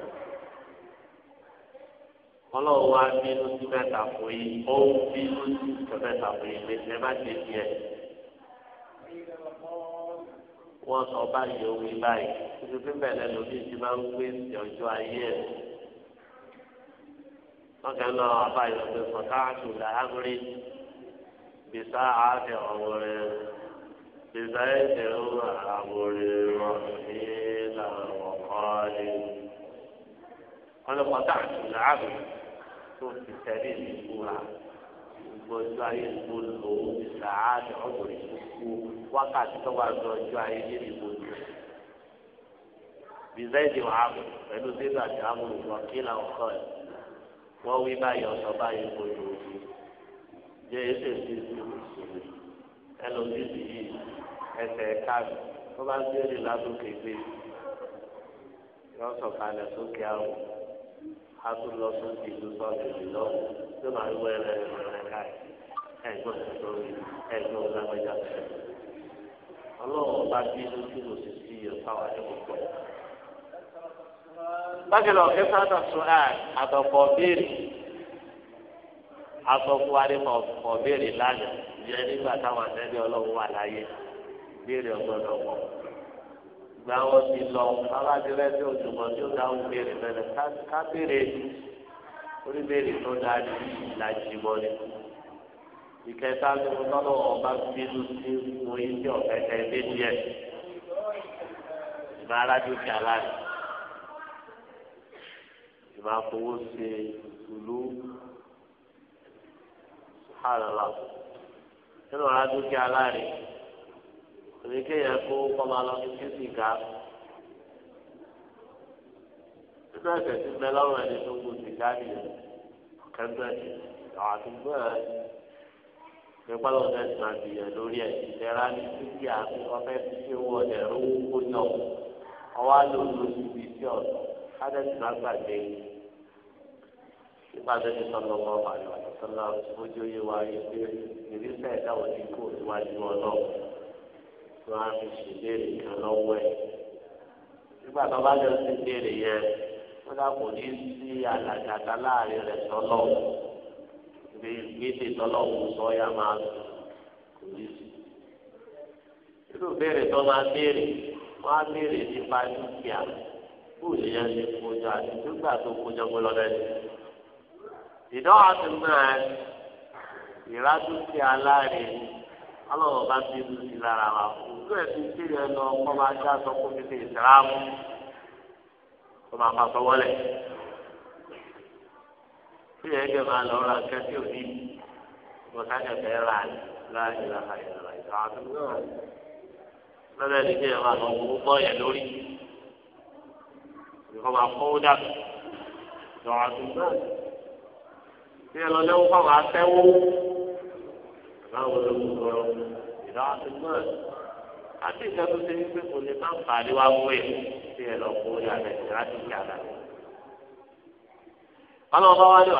ọlọ́run wá bínú sí mẹ́ta fún yín ó ń bínú sí mẹ́ta fún yín lé ẹ má ṣe tiẹ̀. wọ́n sọ báyìí omi báyìí títí pípẹ́ lẹ́nu bí ti máa ń gbé sí ọjọ́ ayé ẹ̀. wọ́n kẹ́ lọ àbáyọ pé fọ́táàtù làágùrí bìsá àádẹ́ ọ̀wọ́ rẹ̀ bìsá ẹ̀jẹ̀ ọ̀wọ́ àwòrán rọ̀ ní ìlànà ọ̀kọ́ ni. wọ́n lọ fọ́táàtù làágùrí tó ti tẹ̀lé ìfura gbogbo ojú ayé ìbò lò ó ti sàádì ọ̀gbọ̀n ìkókó wákàtí tó wà lọ ojú ayé níbi ìbò lò. bizaidi wa amu pẹ̀lú bíbí àti amu lọ kí làwọn kọ́ ẹ̀ wọ́n wí báyìí ọ̀sọ̀ báyìí ìbò lò ó jẹ́ èsè sí ìbò ìṣòro ẹlòmíì yìí ẹsẹ̀ káàdì tó bá gbé ní ládùúgbò ìgbé yọ a tún lọ sí ìlú sọ́ọ̀dù ìlú tó máa ń wọ ẹrẹ ẹrẹ káàkiri ẹ̀gbọ́n ìṣòro ẹ̀gbọ́n ọlágbẹjà ọlọ́run bá bí lójú lò sí sí ìyẹ̀fáwà ní gbogbo ẹ̀. bákan náà kẹfà náà sọ ẹ àtọ̀pọ̀ béèrè àtọ̀pọ̀ àdìmọ̀ ọ̀pọ̀ béèrè lánàá ìyẹn nígbà táwọn àtẹ́bí ọlọ́run wà láyé béèrè ọgbọ́n náà wọ̀. gba ọ ti lọ alájọlẹ tí òjòmọ tí ó dáhùn béèrè bẹrẹ ká béèrè orí béèrè tó dáa ní ìlàjì mọ ni ìkẹta ni mo tọ́lọ̀ ọba bínú sí mo yí sí ọ̀fẹ́ tẹ ẹgbẹ́ díẹ̀ ìmọ̀ aládùúgbò aláàrẹ ìmọ̀ àfọwọ́ ṣe ìlú sùhánàlá nínú aládùúgbò aláàrẹ òní kéèyàn kó kọ́má lọ sí kéèsì ká nínú ẹ̀sẹ̀ tí bẹ́ẹ̀ lọ́rùn ẹni tó kú sí ká nìyẹn kẹgbẹ́ àwọn àti gbọ́dọ̀ nípa lọ́wọ́ náà ti máa bìyàn lórí ẹ̀ ìlera ní títí àti ọ̀fẹ́ tí ó wọ ẹ̀rọ owó náà ọwọ́ lóru ibi tí ọ̀dọ́ ádẹ́sì máa gbàgbé nípa tó ti sọ̀rọ̀ lọ́wọ́ àlọ́ àti sọ́lá ojú yé wa yé pé ìrísẹ̀ ìdáwọ̀ ní kò síwájú ọlọ́run tí wọ́n á fi ṣèlérí kan lọ́wọ́ ẹ̀. nígbà tó bá lọ sí ìbéèrè yẹn ó dàpọ̀ ní sí àlàjàta láàrin rẹ̀ tọ́lọ̀ ibi gbèsè tọ́lọ̀ ń sọ ya máa kò ní sí. irú béèrè tó máa béèrè wọ́n á béèrè nípa dúkìá kó lè yẹn ti àti nígbà tó kójọ gbọ́dọ̀ lẹ́nu. ìdánwò àti mìíràn ìrádúkìá láàrin alọ́wọ́ bá bí inú sí lára wa tó ẹ̀ fi kéde ẹ lọ kọ́ máa dá sọ fún mi fi ìsìlámù kó máa fa sọwọ́lẹ̀ tí ẹ̀ kẹ́ máa lọ ra nǹkan tí ò ní mo sáyẹ̀ fẹ́ ra láàyè láàyè láàyè láàyè lọ́dọ̀ ẹni tí ẹ̀ máa lọ kó bọ́ yẹn lórí kó máa kó dàgbà lọ́wọ́ àtúntò tí ẹ lọ lẹ́wọ́ fáwọn afẹ́wọ́. báwo ló ń sọ ìlà àtúgbọ́n àti ìjọba ṣe wípé kò lè má fà ní wá wẹ̀ tí ẹ lọ kó yà láti àlà. bá wá ní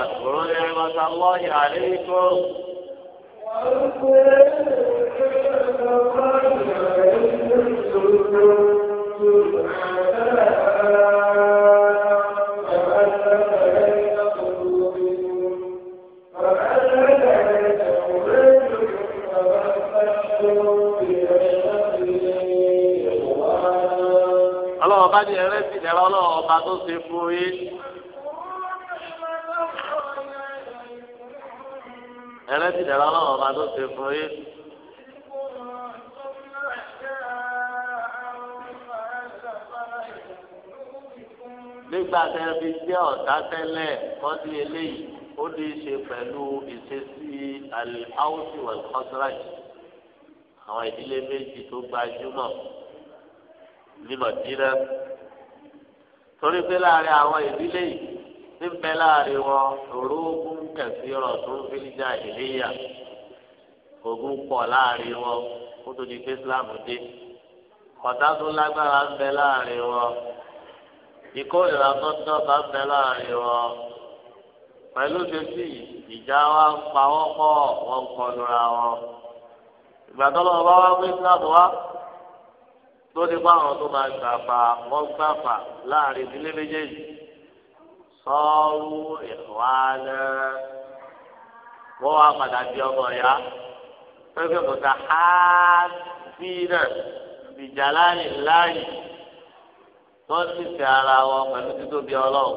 ní ọba ní ẹrẹ́ sì lẹ́rọ ọlọ́run ọba tó ṣe fún yín. ẹrẹ́ sì lẹ́rọ ọlọ́run ọba tó ṣe fún yín. nígbà tẹ ẹ fi jẹ́ ọ̀tá tẹ́lẹ̀ wọ́n di eléyìí ó ní í ṣe pẹ̀lú ìṣesí alhausi wal khazraj àwọn ìdílé méjì tó gbajúmọ̀ ní mọ̀dínà torí pé láàrin àwọn ìdílé yìí ní bẹ láàrin wọn òrógùn kẹsì ọ̀rọ̀ tó ń fi níjà ìléyà ogun pọ̀ láàrin wọn kó tó di pé Islam dé ọ̀tá tó lágbára ń bẹ láàrin wọn ìkórìíra tó dọ́gba ń bẹ láàrin wọn pẹ̀lú ṣèṣì ìjà wa ń pa wọ́n pọ̀ wọ́n ń kọlura wọn ìgbà tó lọ́wọ́ bá wá pé Islam wá lórí báwọn tó máa gbàgbà wọn gbàgbà láàrin ìdílé méjèèjì sọ́ọ́rù ìwánà wọ́n wá padà di ọmọ ya pẹ́pẹ́ kòtà ábínà ìjàláyè láàyè wọ́n sì fẹ́ ara wọn pẹ̀lú títóbi ọlọ́run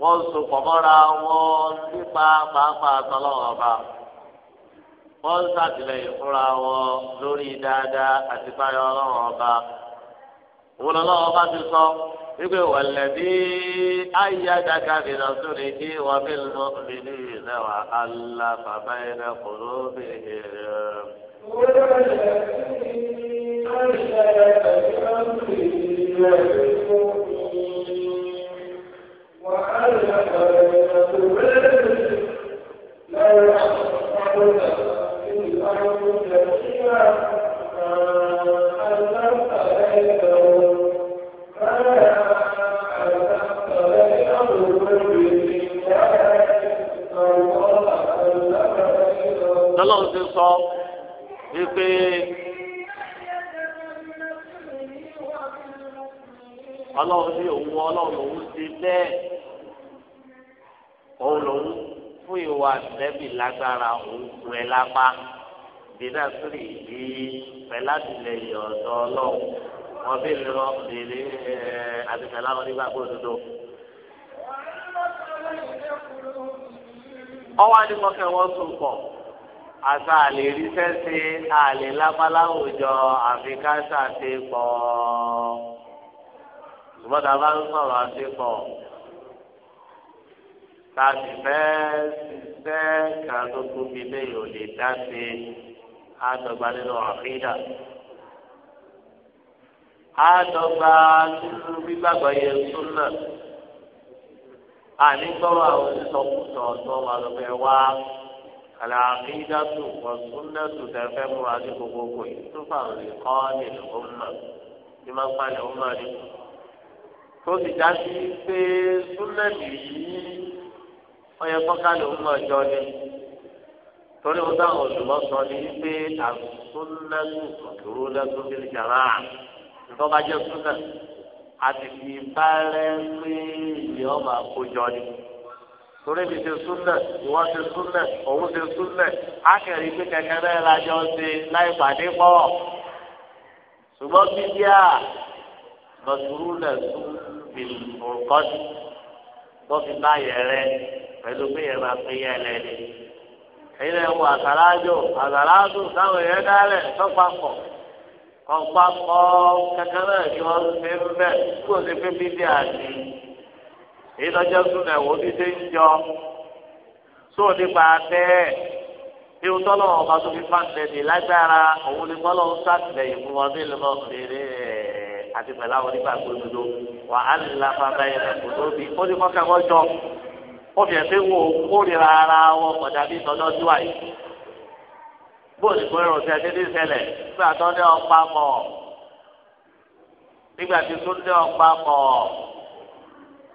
wọ́n so pọ̀ mọ́ra wọn nípa pàápàá tọ́lọ́wọ́n ọba wọ́n ń ṣàtìlẹ́yìn fúnra wọn lórí dáadáa àti báyọ̀ ọlọ́run ọba. wọn lọ́wọ́ bá ti sọ wípé wọ̀lẹ́bí ayédáka bìnnà sórí kí wọ́n fi lọ bìnnì ìlẹ́wà alábàbá iná kúrò bìnnì. وألف بين قلوبهم lágbára òkú ẹ lápá dèdà sórí ìdí pẹ̀lú àtìlẹyìn ọ̀dọ́ ọlọ́run wọn bí lọ dèrè àtìpẹ̀lá wọn nígbà kó dodo. ọwọ́ adigunfẹ́ wọn tún pọ̀ àti àlè ríṣẹ́ ṣe àlè lápálá òòjọ́ àfikáṣà ṣe pọ̀ ṣùgbọ́n tá a bá ń sọ̀rọ̀ sí iṣẹ́ kan tó tóbi lẹ́yìn ò lè dá sí àdọ́gba nínú àfíìdà. àdọ́gba nínú gbígbàgbọ́ yẹn tún náà. ànígbọ́wọ́ àwọn ìsọkúsọ tó wà lọ́fẹ́ wá àlàáfíìdá tó wọ́n tún náà tó tẹ̀fẹ́ mú wa ní gbogbogbò yìí tó fà lè kọ́ nínú ọmọ ní máa ń pa ní ọmọ rẹ̀. tó sì dá sí pé súnlẹ̀ nìyí ọyẹ kọ́ká ló ń ọjọ́ ni torí wọn táwọn olùmọ̀ sọ ni wípé àsúnlẹ́nu òkúrú lẹ́nu bí jàrá nǹkan bá jẹ́ súnà àti fi bárẹ́ pé ìyẹn ọmọ àkójọ ni torí mi ti súnà ìwọ ti súnà òun ti súnà ákẹ́rì pé kẹ̀kẹ́ náà lájọ ṣe láì pàdé pọ̀ ṣùgbọ́n bíbíà mọ̀túrú lẹ̀ sún bìlù òrùkọ́ni tó fi bá yẹn pẹ̀lú pé yẹn máa pín yẹn lẹ́ni. ilé wo àtàlájò àtàlájò táwọn èèyàn dálẹ̀ tọ́pàpọ̀ ọ̀pàpọ̀ kékeré ni wọ́n ṣe ń bẹ̀ kó o ṣe pé bíbí àti ìlọ́jọ́ súnà ẹ̀wọ́ bí ṣe ń jọ sóò nípa bẹ́ẹ̀ bí o tọ́lọ̀ ọba tó fi fáńtẹ̀dì lágbára òun ni kọ́lọ́ ń sàtìlẹ́yìn fún wọn bí lọ́mọ kéré àti pẹ̀lú àwọn onígbàgbọ́ òdodo wà á lè la bàbá yẹn lẹ́kọ̀ọ́ lóbi ó wọ́n fi ẹ̀fẹ́ wo kórìíra ara wọn pọ̀jà bí tọ́jọ́ tó àyè. bóòlù kò rò sí ẹdí nísẹlẹ̀ nígbà tó ní ọ̀pá mọ̀ nígbà tí tó ní ọ̀pá mọ̀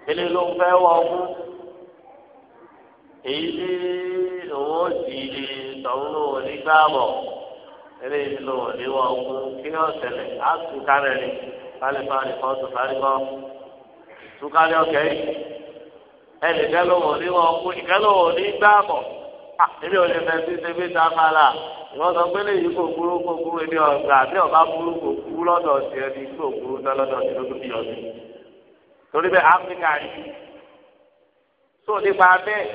ilé ló fẹ́ wọ ọkú èyí ní òun ó sì ní tọ̀hún nígbà mọ̀ ilé ló ní wọ ọkú kí ni ọ̀sẹ̀lẹ̀ á tún kárẹ̀ ni kálífà ní kọ́ kálífà tún kálí ọ̀kẹ́ yìí ẹnìkan ló wọ̀ ní wọn kú ìkan ló wọ̀ ní gbàbọ̀ èmi ò lè fẹ́ sí ṣebí ta máa là ìwọ́n sọ pé léyìí kò burú kò burú èmi ọ̀gá àbí ọ̀bá burú kò burú lọ́dọ̀ sí ẹni kò burú náà lọ́dọ̀ sí ló tó fi ọ̀sìn torí bẹ́ẹ̀ áfíríkà rí tó nípa bẹ́ẹ̀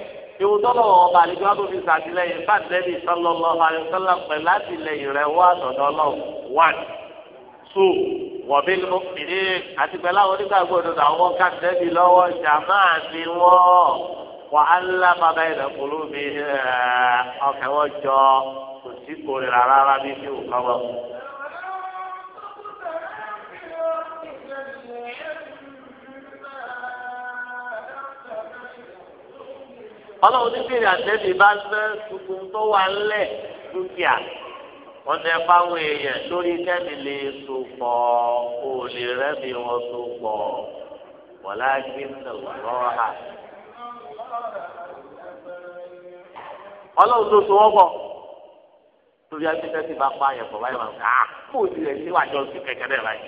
ewu tọ́lọ̀ ọba àlejò àbòfin sàtìlẹ́yìn fàtẹ́lì sọlọ́lọ́ àyọ̀sọ́lá pẹ̀lú àtìlẹ́yìn rẹ̀ wọ́n àtọ̀dọ́ ọlọ́run wáàdì. so wọ̀bí lómìnirí àti pẹ̀lú àwọn onígbàgbọ́ àwọn káńtẹ́bì lọ́wọ́ jàmá ni wọ́n wà á ńlá mi jọ kò sí kórìíra rárá bí mi ò kọ́ ọlọ́run ní àtẹ́bí bá wọn ní ẹfọ àwọn èèyàn lórí kẹ́mi lè so pọ̀ kó o lè rẹ́mi wọn so pọ̀ wọlá gbé lọ́wọ́ hà. ọlọ́run tó so wọ́n pọ̀ lórí abíyẹ́ ti bá pa àyẹ̀pọ̀ báyìí wọn kà á kó o tilẹ̀ sí wàjọ sí kẹ̀kẹ́ náà báyìí.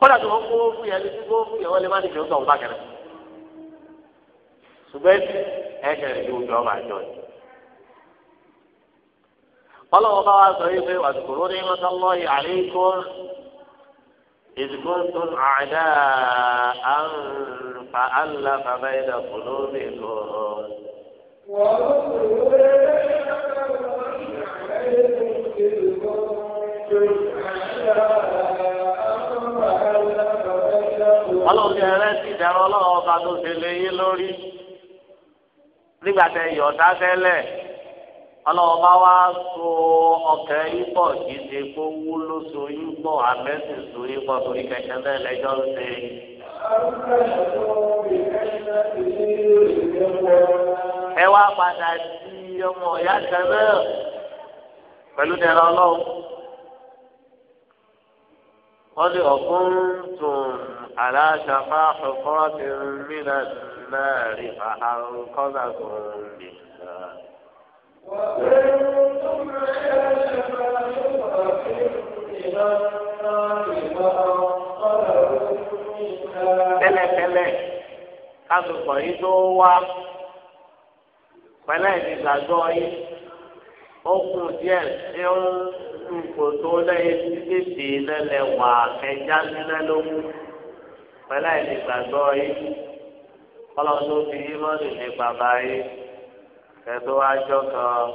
kódà tó wọ́n kó fún yẹn lórí kó fún yẹn wọ́n lè má nìkan tó àwọn bá kẹrẹ. ṣùgbọ́n ẹ̀kẹ́rẹ́ ni ojú ọba àjọ yìí ọlọ́run bá wa sọ yìí pé wàsùkúrú ní mọ́tàlọ́ àríkó ìdìgbòtò àdá àǹfà àlà bàbá ìdá kúrò nìkó. ọlọ́run ti rẹ́ ti dẹ̀rọ ọlọ́run ọba tó ṣe lé yín lórí nígbà tẹ yọ̀ọ̀dá tẹ́lẹ̀ ọlọ́wọ́ bá wá so ọkẹ́ yíbọ̀ kì í ṣe kó wú ló so yíbọ̀ àmẹ́sì so yíbọ̀ torí kẹ̀kẹ́ bẹ́ẹ̀ lẹ́jọ́ ń ṣe. ẹ wá padà sí ọmọ ìyá kẹfẹ́ pẹ̀lú dẹ̀rọ ọlọ́run. wọ́n ní ọ̀kún tún aláṣàfà ọ̀kọ́ ti ń mìíràn náà rí àhàrùn kọ́nà tó ń bì náà. tẹ́lẹ̀tẹ́lẹ̀ kásùkọ̀ yìí tó wá pẹ̀lẹ́ ìdìgbàgbọ́ yìí ó kù díẹ̀ tí ó ń kò tó lẹ́yìn títí lẹ́lẹ̀ wà kẹjá sílẹ̀ lógún pẹ̀lẹ́ ìdìgbàgbọ́ yìí kọ́lọ́ tó fi yí mọ́tò ní bàbá yìí. kẹtọ ajọ kan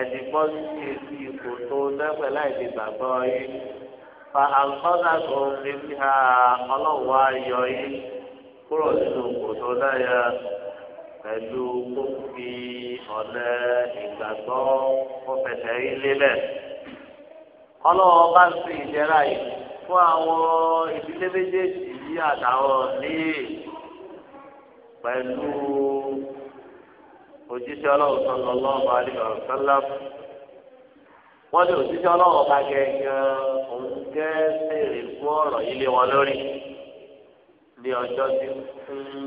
ẹni bọ́ sí etí ipò tó dẹ́pẹ̀ láì lè gbàgbọ́ yín fa àǹkọ́nà kò ní fi ha ọlọ́wọ́ ayọ̀ yín kúrò nínú ipò tó dáyà pẹ̀lú kófí ọ̀nà ìgbàgbọ́ fọ́fẹ̀tẹ̀ yín lélẹ̀ ọlọ́wọ́ bá ń sìn ìjẹ́ra yìí fún àwọn ìdílé méjèèjì yìí àtàwọn ní pẹ̀lú òjíṣẹ́ ọlọ́run sọ̀rọ̀ ọlọ́run bá lè ọ̀rọ̀ sọ́lá wọ́n lé òjíṣẹ́ ọlọ́run bá gẹ́gẹ́ òun gẹ́ béèrè fún ọ̀rọ̀ yìí lé wọn lórí ní ọjọ́ tí fún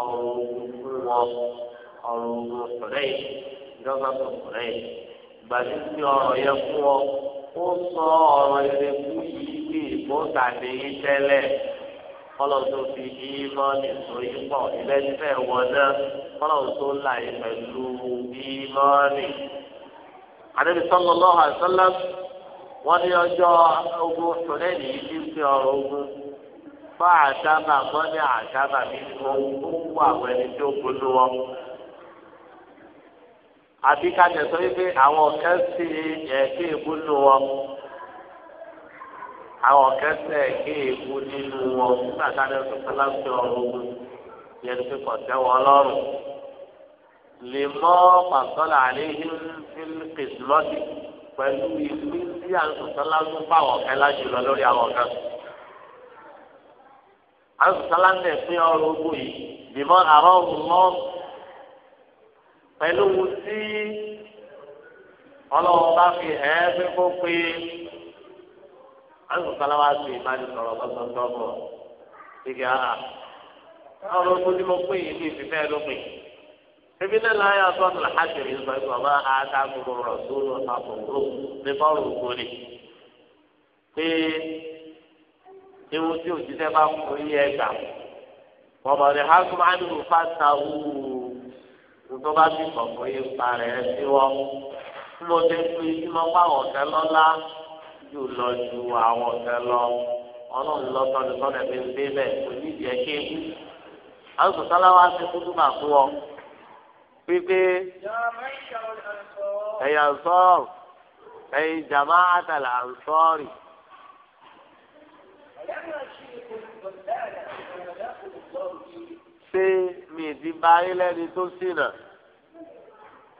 ọ̀rọ̀ ogun fún wọn ọ̀rọ̀ ogun fúnrẹ́ yìí ìjọba tó fúnrẹ́ yìí gbàdí sí ọ̀rọ̀ yẹn fún ọ ó sọ ọ̀rọ̀ ìrẹ́kú yìí bí ìbò tàbí yìí tẹ́lẹ̀ kọlọ tó fi ìmọ̀ọ́nì tó yí pọ̀ ìlẹ́yìn bẹ́ẹ̀ wọlé kọlọ tó là yìí pẹ̀lú ìmọ̀ọ́nì. àdébí sọ́nà lọ́wọ́ àṣọlá wọ́n ní ọjọ́ ogun ṣọlẹ́ yìí ti fi ọ̀rọ̀ ogun bá àdábà mọ́ ní àdábà mi kó gbogbo àwọn ẹni tó gbóló wọn. àbí ká jẹ́ sọ wípé àwọn kẹ́sì ẹ̀ẹ́dẹ́gbóló wọn àwọn kẹsẹ̀ kéèkú nínú wọn nígbà táwọn sọ̀tàn láti ọ̀rọ̀ ogun yẹn ti kọ̀ tẹ́wọ́ ọlọ́run lè mọ́ pàṣọ́là àléhìn fílkìsìmọ́tì pẹ̀lú ìpín tí à ń sọ̀tàn láti pàwọ̀ kẹ́ láti lọ lórí àwọn kan. à ń sọ̀tàn láti ẹ̀pín yìí lè mọ́ àrọ́ mọ́ pẹ̀lú tí bá fi ẹ̀ẹ́ fífó pé àwọn sọláwà sí ìbánisọ̀rọ̀ lọ́sọ̀tọ́bọ̀ ṣìkì àhà ah, ọ̀rọ̀ ojú mo pín yìí ní ìfìfẹ́ lópin ebi náà láyé àtọ́nù làhájìrì ń sọ ẹ̀kọ́ ọba àtàkùrọ̀ rọ̀sùlù àkùrọ̀ ní bọ́ọ̀lù ògbóni pé ewu tí òjíṣẹ́ bá fún yí ẹgbà ọmọdé hákùmá ní òfàtà wúwo tó bá bí kọ̀ọ̀kan yí parẹ́ sí wọn mo dé pé tí mo bá ọ̀kẹ́ jù lọ ju àwọn ọ̀sẹ̀ lọ ọlọ́run lọ tọ́jú sọ́nà ẹ̀mí ń débẹ̀ kò ní ìjẹ́ kéwù. àwọn sọ̀tàlá wa ṣe kúndùn máa fún ọ pípé ẹ̀yà sọ́ọ̀rù ẹ̀yìn jàmá àtàlà sọ́ọ̀rì. ṣé mi ti bá rí lẹ́ni tó ṣìnà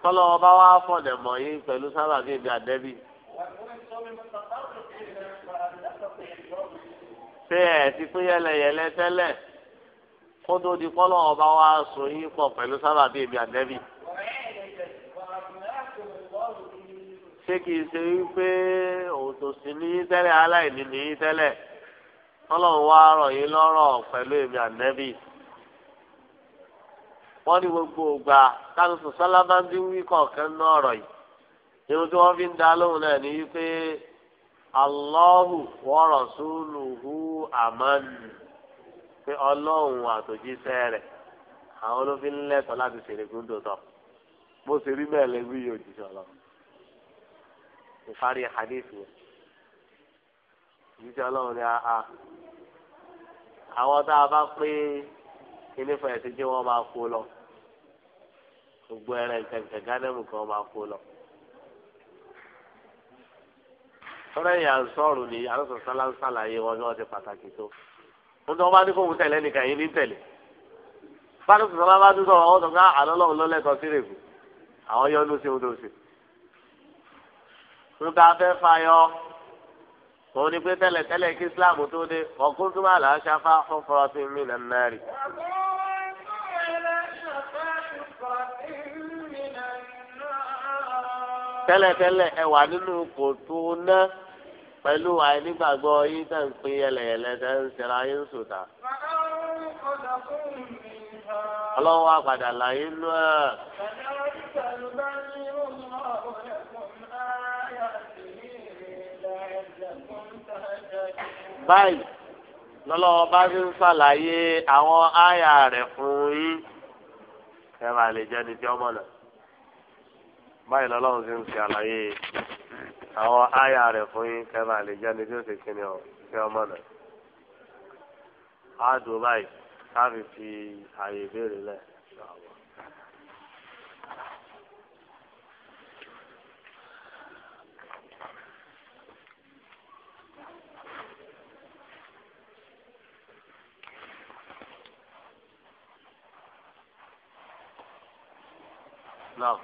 tọ́lọ́wọ́ bá wá fọ̀dẹ̀ mọ̀ yín pẹ̀lú sábàbí ìgbà dẹ́bì. ṣé ti pín yẹlẹyẹlẹ tẹ́lẹ̀ kó tó di kọ́lọ́ ọba wa sọ yín pọ̀ pẹ̀lú sábàbí èmi àdẹ́bì. ṣé kì í ṣe wípé òtòṣì ní tẹ́lẹ̀ aláìní ní tẹ́lẹ̀ kọ́lọ́run wá rọ̀ yín lọ́rọ̀ pẹ̀lú èmi àdẹ́bì. wọ́n ní gbogbo ògbà táwọn ọ̀rọ̀ yìí. irun tí wọ́n fi ń dá lóhùn náà ní pé Allahu wa rasuluhu amanu pé ọlọ́run àtòjíṣẹ́ rẹ̀ àwọn olófin lẹ́tọ̀ láti ṣèrè gúndò tán bó ṣe rí bẹ́ẹ̀ lè wí òjijì ọ̀lọ́ ìparí hadith yẹn òjijì ọlọ́run ni a àwọn tá a bá pé kínífẹ̀ẹ́ ti jẹ́ wọ́n máa kó lọ gbogbo ẹ̀rẹ̀ nkẹ̀kẹ̀ gánẹ́mù kan máa kó lọ. tọ́lá yìí à ń sọ̀rọ̀ ni àlọ́sọ̀ sálá ń sàlàyé wọn ní wọ́n ti pàtàkì tó ń tọ́ bá ní kó wùtẹ̀ lẹ́nìkan yìí ní tẹ̀lé báyìí sọ̀rọ̀ bá bá dúdọ̀ àwọn tó ń ká ah, àlọ́lọ́run lọ́lẹ́kọ̀ọ́ sí rèébù àwọn yọ ló ṣe odò sí. ń ta fẹ́ fayọ òun ni pé tẹ́lẹ̀ tẹ́lẹ̀ kí Islam tó dé ọ̀kún tó máa làá ṣafá fún fọlọ́sí mi nà nàárì. tẹ́lẹ̀ tẹ́lẹ̀ ẹ wà nínú kòtò náà pẹ̀lú àìnígbàgbọ́ yín tẹ̀ ń pín yẹlẹyẹlẹ tẹ̀ ń sẹ́ra yín sùtà. ọlọ́wọ́ àpàdà láyé lọ báyìí lọ́lọ́wọ́ bá fi ń ṣàlàyé àwọn àyà rẹ̀ fún yín ẹ máa lè jẹ́ ní tí ọmọ náà báyìí lọ́lọ́wọ́ fi ń ṣàlàyé àwọn àyà rẹ̀ fún yín kẹ́bà lè jáde bí ó ti kíni ọ̀ kí ọmọ náà. á dùn báyìí káfí fi àyè ìbéèrè lẹ̀. نعم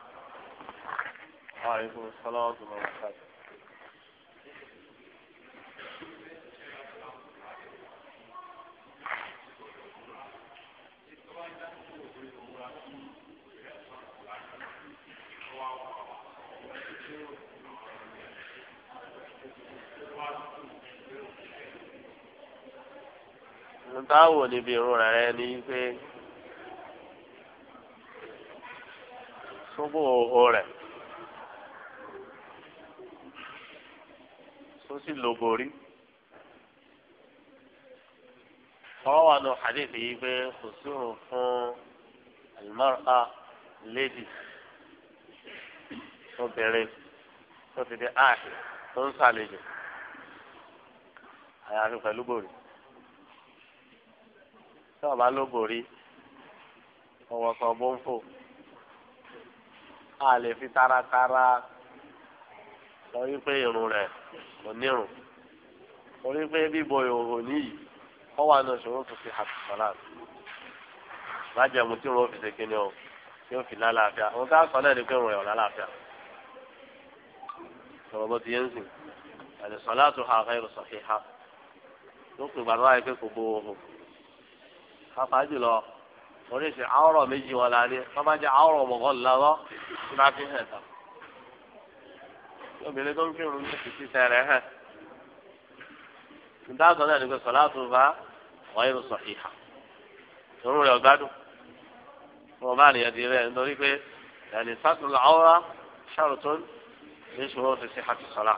وعليكم السلام ورحمة الله وبركاته nta níbi ìrora rẹ ni pé sóbò o rẹ tó sì lò borí wọ́n wà lọ yìí pé kò sóòrò fún almar'a lady obìnrin tó ti di ààrẹ tó ń sàlejò àyàfi pẹ̀lú borí tí ọba ló borí ọwọ́ kan bó ń fò a lè fi taratara lọ rí pé irun rẹ̀ kò nírun torí pé bíbo ìhòòhò níyì wọ́n wà náà ṣòro tó fi àtìmọ́lá lájẹ̀mú tí wọ́n fi ṣe kíni o tí ó fi lálàáfíà òun ká sọ náà ni pé òun rẹ̀ ọ̀ lálàáfíà sọ̀rọ̀ bó ti yé ń sìn àdìsọ́lá tó ha ọ̀gá ìrọ̀sọ̀ fi ha ló pè pé kò gbowó o pàápàá oríṣi àwòrán méjì wọn la wọn bá jẹ àwòrán mọ̀gán lọ́wọ́ tí wọ́n fi hàn tán. obìnrin tó ń kírun ní ìfìsí sẹ́rẹ̀ hàn. nígbà tó náà ní sọlá tó bá wọ́n yóò sọ ìhà. torí rẹ̀ ọ̀gbádùn. wọn bá nìyẹn ti rẹ̀ nítorí pé ẹni sátúlọ̀ àwòrán ṣàrò ní ṣòro fi sí sọlá.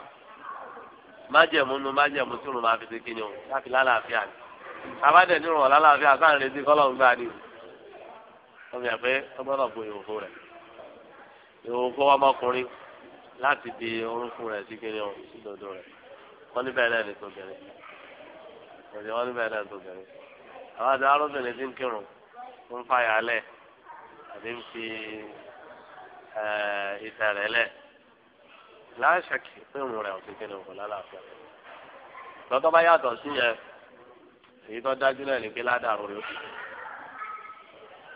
májẹ̀mú nu májẹ̀mú tí òun máa fi ṣe kí ni o láti lálàáfíà ni abájẹ ní ìrànwọ́ lálàáfíà sáà ń retí kọ́lọ́ ń gbà ní. ọmọ ìyàfẹ́ ọgbọ́dọ̀ bo ìhòòhò rẹ̀ ìhòòhò ọmọkùnrin láti di orúnkún rẹ̀ sí kiri ọ̀hún sí dodo rẹ̀ wọ́n níbẹ̀ náà ní tó bẹ̀rẹ̀ òní wọ́n níbẹ̀ náà tó bẹ̀rẹ̀ àwọn àti arúgbìnrin ti ń kírun ń fàyà lẹ̀ àti ń fi eh, ìtẹ̀rẹ̀ lẹ̀ láṣà kí pé òun rẹ̀ ọ̀sìn kiri ọ̀hún lálàáfíà lọ́tọ́ bá yàtọ̀ sí yẹn èyí tó dájú náà ní pé ládàrú rẹ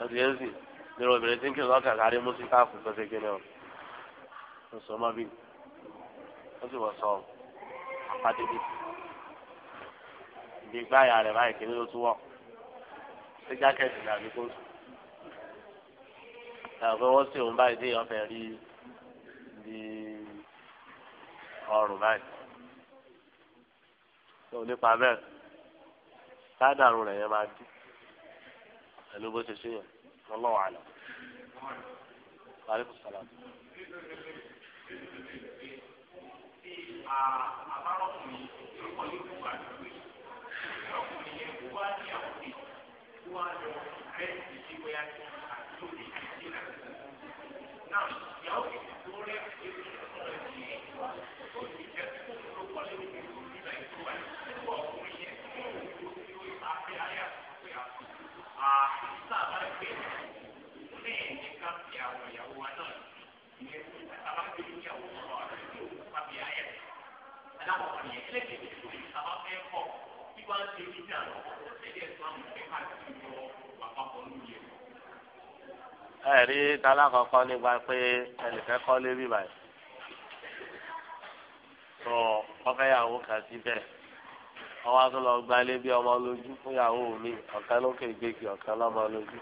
ọdún yẹn sì nírò obìnrin tí ń kí lọ́kàn kárí mùsíkà fún tó ṣe kí ni ọ ń sọ ọmọ bíi ó sì wọ sọ apáté bíi ibi gbáyà rẹ báyìí kí ni ló tún wọ sí jákẹ́ẹ̀tì náà ní kóòtù àgbẹ̀ wọ́n sì ń báyìí dé ọ̀fẹ́ rí di ọrùn báyìí tó nípa bẹ́ẹ̀ sádàrú rẹ̀ yẹn máa dí pẹ̀lú bó ṣe ṣe yẹn lọ́wọ́ àlọ́. Aleykum salaam. Now, bá ń ṣe wíjà lọ ó tẹ̀lé ẹ̀sán àwọn ìfẹ́ àti ìwọ àpapọ̀ ní ìyẹn. ẹ̀rí talákọ̀ọ́kọ́ nípa pé ẹnìkan kọ́lé bí báyìí tó ọfẹ́yàwó kan síbẹ̀ ọwọ́ tó lọ gbalé bí ọmọ lójú fúnyàwó mi ọ̀kan lókè gbèkì ọ̀kan lọ́mọ lójú.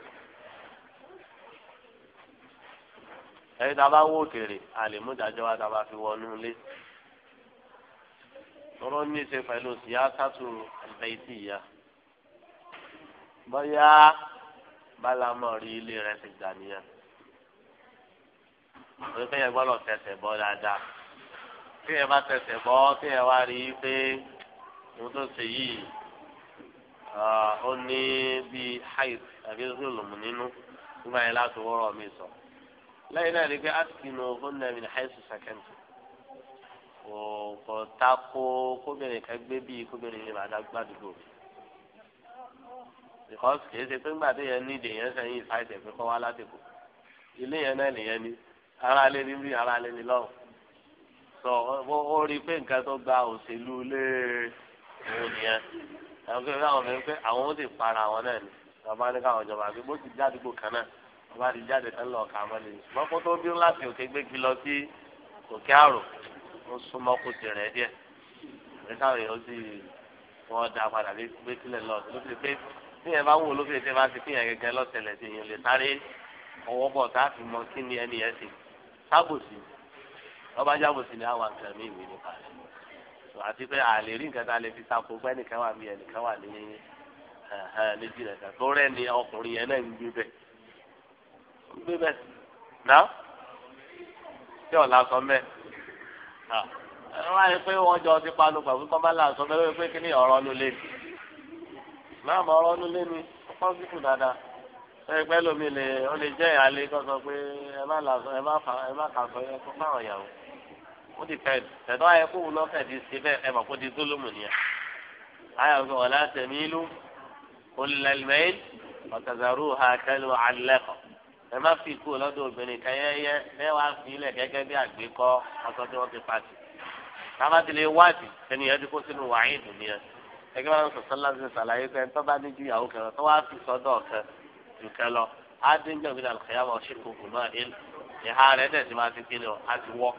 ẹni tá bá wó òkèrè àlèmúdájọ́ wa tá bá fi wọnú ilé tọ́rọ́ ní ṣe pẹ̀lú síyásátù al-Qaysiyya bóyá bálámọ̀ rí ilé rẹ̀ ti gbà nìyẹn orí kéèyàn gbọ́dọ̀ tẹsẹ̀ bọ́ dáadáa kéèyàn bá tẹsẹ̀ bọ́ kéèyàn wá rí i pé òun tó ṣe yìí ó ní bíi haid àbí zulum nínú nígbà yẹn láti wọ́rọ̀ mi sọ lẹ́yìn náà ni pé askinu hunna min haythu sakantum kò kò tako kóbìnrin kan gbé bíi kóbìnrin yẹn máa dágbà dùgbò because kì í ṣe pé ńgbà téèyàn ní ìdè yẹn sẹ́yìn ìsáìtì ẹ̀fẹ́ kọ́ wá ládìgbò ilé yẹn náà nìyẹn ni ara lé ní bí ara lé ní lọ́wọ́ sọ ó rí i pé nǹkan tó gba òṣèlú lé òun nìyẹn àwọn kí wọn fẹ́ pé àwọn ó sì para àwọn náà ni bàbá ní káwọn ìjọba àti bó ti jáde kan náà bàbá ti jáde tán lọ mọ́lẹ̀ ṣùgbọ́n kó tó bí láti òkè gbégi lọ sí òkè àrò ó súnmọ́ kó ti rẹ̀ díẹ̀ ẹ̀ káwọn èèyàn sì wọ́n da padà bí pé kílẹ̀ lọ sí lókè pé bí ẹ bá wò lókè tẹ bá ti fihàn gẹ́gẹ́ lọ́tẹ̀lẹ̀ sí èèyàn lè sáré ọwọ́ bọ̀ tá a fi mọ kí ni ẹni yẹn ti sábòsì ọba jábòsì ni àwọn nǹkan mi ìwé nípa rẹ̀ àti pé àlè rí nǹkan tá a lè fi sako pé ẹnìkan wà mí ẹnìkan wà ní méjì rẹ̀ kan tó rẹ̀ ni ọkùnrin yẹn náà ń gbé bẹ́ẹ̀ ń gbé bẹ́ẹ̀ náà tí ọ̀la sọ mẹ́ẹ̀. wọ́n á yẹ pé wọ́n jọ ti panu pàbí kọ́málà sọ pé wọ́n pé kí ni ọ̀rọ̀ ló lé ni máa ọ̀rọ̀ lé dáadáa ẹ pẹ́ lómi lè ó lè jẹ́ ìhàlẹ́ sọ pé ẹ sọ ẹ kó fáwọn ìyàwó ó ti tẹ̀tọ́ ayẹ kó wù lọ́fẹ̀ẹ́ ti ṣe bẹ́ẹ̀ ẹ mọ̀ kó ti ha kẹ́lu alẹ́kọ̀ọ́. ẹ má fi kú lọ́dọ̀ obìnrin kan yẹ́yẹ́ mẹ́wàá fi ilẹ̀ gẹ́gẹ́ bí àgbékọ́ ọ̀sán tí wọ́n fi pàṣẹ. táwọn ti lè wádìí ẹni yẹn ti kó sínú wàhíì dùn yẹn. ẹgbẹ́ wọn sọ sọ́lá ṣe ṣàlàyé pé ẹni tó bá ní ju ìyàwó kan lọ tó wá fi sọ́dọ̀ kan jù kẹ lọ. á dé ń jọ̀gbìn àlùkàyàmọ̀ ṣe kòkò náà ìlú. ìhà rẹ̀ dẹ̀ ti máa ti kéde ọ̀ á ti wọ́.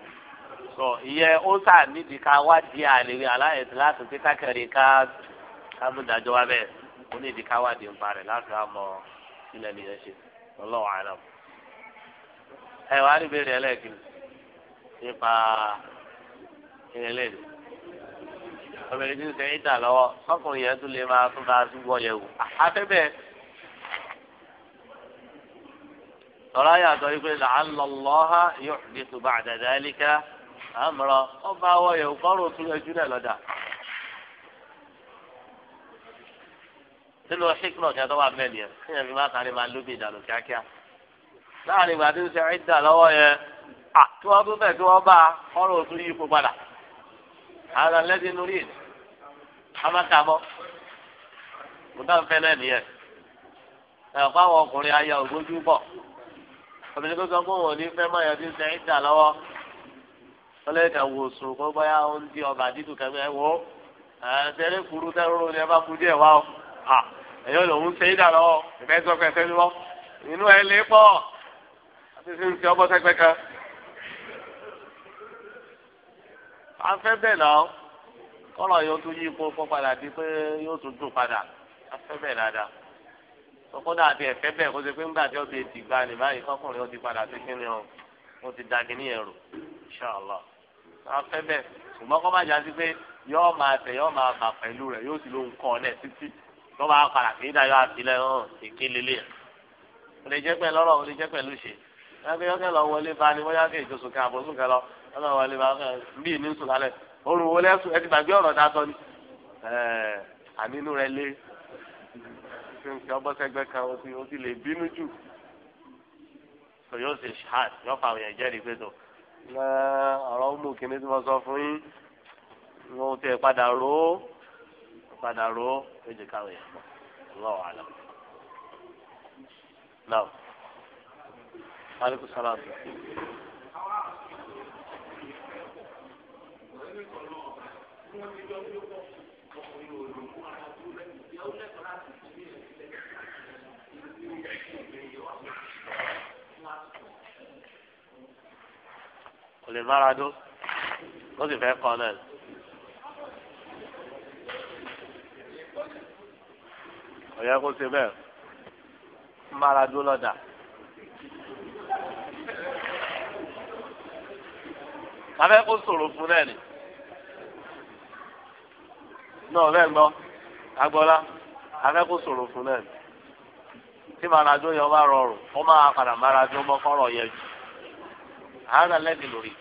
sọ ìyẹn ó sà nídìí ká wádìí àlèrè aláìsí láti pé kákẹ́rì ká kámúdájọ́ wa bẹ́ẹ̀ ó nídìí ká wádìí ń parẹ̀ láti wá mọ ilẹ̀ nìyẹn ṣe. ọlọ́wọ́ àlọ́ ẹ wàá rí ìbéèrè ẹlẹ́ẹ̀kì nípa ìrẹ̀lẹ́dì obìnrin tí ń sẹ ìdá lọ́wọ́ ọkùnrin yẹn tún lè máa tún bá a tún wọ yẹ̀ wò afẹ́bẹ́ tọ́lá yàtọ̀ wípé ọba nínú ṣíkìmọ̀ kí a tó wà mẹ́lì yẹn kí fi má sáré máa lóbi ìdàlù kíákíá láàrin ìgbà tí ó ṣe ìdà lọ́wọ́ yẹn à tí wọ́n tún bẹ̀ tí wọ́n bá ọ̀rọ̀ òtún yí ipò padà ara lẹ́dí nínú yìí amákàmọ́ mo dá nfẹ́ náà nìyẹn ẹ̀ fáwọn ọkùnrin ayé ògbójú bọ̀ obìnrin tó sọ pé òun ò ní fẹ́ mọ̀ yẹn ṣe ìdà lọ́wọ́ ọlẹ́dà wò sùn kó bóyá ó ń di ọ̀bà dídùn kẹ́mẹ́ wò ẹ̀ ṣeré kúrú tẹ́rù ni ẹ bá kú díẹ̀ wá o ẹ̀yọ́ lòún ṣe é dà lọ́wọ́ ìfẹ́ sọ pẹ̀sẹ̀ ni wọ́n inú ẹ̀ lè pọ̀ àti fi ń ti ọgbọ́n sẹ́gbẹ́ kan. a fẹ́ bẹ́ẹ̀ náà kọ́lọ̀ yóò tún yí ipò fún padà di pé yóò tún dùn padà a fẹ́ bẹ́ẹ̀ dáadáa sọkọ́dà àti ẹ̀fẹ́ bẹ́ẹ̀ kó ṣe pé ńgbà tí ó ti ti gba ni báyìí kọ́kùnrin ó ti padà sí kí ni o ó ti dagi ní ẹ̀rù inṣàlá a fẹ́ bẹ́ẹ̀ ṣùgbọ́n kọ́ má jà sí pé yọ́ọ́ máa tẹ̀ yọ́ọ́ máa bà pẹ̀lú rẹ̀ yóò sì lóun kọ́ ọ náà títí tó bá kàrà kí ìdájọ́ àtìlẹ̀ hàn ìké lélẹ̀ o lè jẹ́ pẹ̀lú ọ̀rọ̀ o lè jẹ́ pẹ̀lú ṣe ẹgbẹ́ yọkẹ́ lọ wọlé bá ní bóyá kéèjọ sùn kẹ́ àbọ̀ sùn kẹ́ lọ ọlọ́ wọlé bá bí ní sùn lálẹ́ oru wo lẹ́sùn ẹ ti gbàgbé ọ̀rọ̀ ta sọ ni àmínú rẹ lé ṣe ọbọ̀ sẹ́gbẹ́ kan o ti lè bínú jù sọ yóò ṣe ṣáàt yóò fa àwọn yẹn jẹ́rìí pé tó ọ̀rọ̀ mú kínní tí mo sọ fún yín mo ti padà rò padà rò yóò jẹ káwọn yẹn mọ Allahu alam. náà alaikum salaam. kò lè mára dó ó sì fẹ́ kọ́ náà. ọ̀yẹ́ kó ṣe bẹ́ẹ̀ mara dúró lọ́dà. afẹ́ kó fún náà ni náà ọ̀rẹ́ gbọ́ agbọ́lá kó fún náà ni tí mára yẹn bá rọrùn ó máa padà mára mọ́ kọ́rọ̀ yẹn jù àárẹ̀ lẹ́bi lórí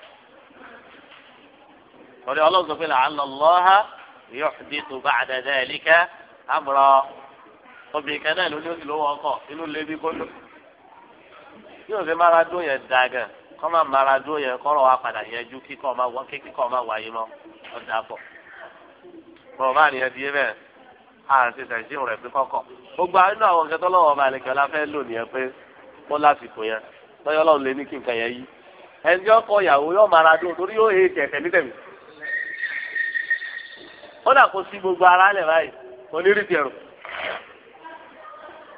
ọlọ́sọ̀fẹ́ là lọ lọ́ha yóò tó bá àdàdà ẹ̀ obìnrin kan náà ló ní oṣù lówó ọkọ inú lébi kóló bí òfin mara dún yẹn da gan kọ́ máa mara dún yẹn kọ́rọ̀ wa padà yẹjú kíkọ́ máa wá kíkọ́ máa wáyé mọ́ ọ̀dà pọ̀ bọ̀rọ̀ máa nìyẹn di bẹ́ẹ̀ àrùn ti tẹ̀sí rẹ̀ pé kọ́kọ́ gbogbo inú àwọn nǹkan tó lọ́wọ́ ọba àlekẹ́ la fẹ́ lò nìyẹn pé kó lásìkò yẹn lọ́yọ́ ọlọ́run lé ní kí nǹkan yẹn yí ẹni tí ọkọ ìyàwó yóò mara dún torí yóò he kẹ̀kẹ́ ní tẹ̀mí ó dà kó sí gbogbo ara lẹ̀ báyìí onírìtì ẹ̀rù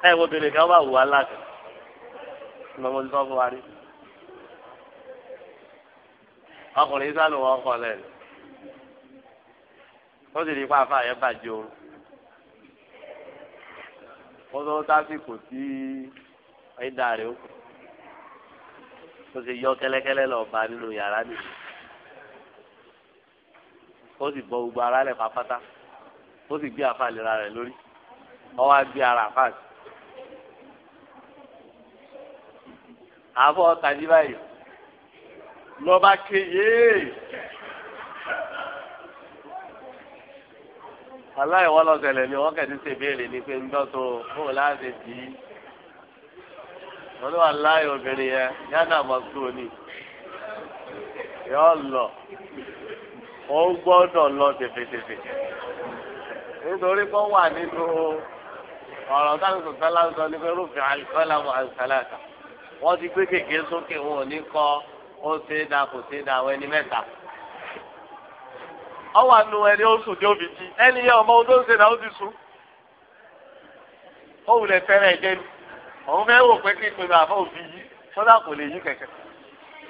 ẹ wo obìnrin kan bá wù wá láti lọmọ tí wọn fún wa rí ọkùnrin sálù wọn kọ lẹ́nu ó sì rí ipá afá yẹn bàjẹ́ ooru ó tó tásìkò tí ẹ̀dá rẹ̀ ó kù ó sì yọ kẹ́lẹ́kẹ́lẹ́ lọ bá nínú yàrá nìyí ó sì bọ́ gbogbo ara rẹ̀ pápátá ó sì gbé afá lera rẹ̀ lórí ọwọ́ á gbé ara afá àbọ̀ tàbí báyìí lọ́ba kéye aláìwọ́ lọ́sẹ̀lẹ̀ ni wọ́n kẹ́sì ṣe béèrè ni pé ńgbọ́ tó fóun láti dì í wọ́n ní obìnrin yẹn yánà yọ lọ ọ gbọ́dọ̀ lọ tẹ̀fẹ̀tẹ̀fẹ̀ nítorí kó wà nínú ọ̀rọ̀ táwọn sọ̀tàn ní pé rúfin làwọn wọ́n ti gbé kéèké sókè wọn ò ní kọ́ ó ṣe é da kò ṣe é da àwọn ẹni mẹ́ta. ọwọ́ àánú ẹni ó sùn ní òbí jí ẹni yẹn ọmọ ọdún ṣe náà ó ti sùn. ó wulẹ̀ fẹ́rẹ̀ ẹ̀jẹ̀ ni òun fẹ́ wò pé kí n àfọ òbí yìí kódà kò lè yí kẹ̀kẹ́.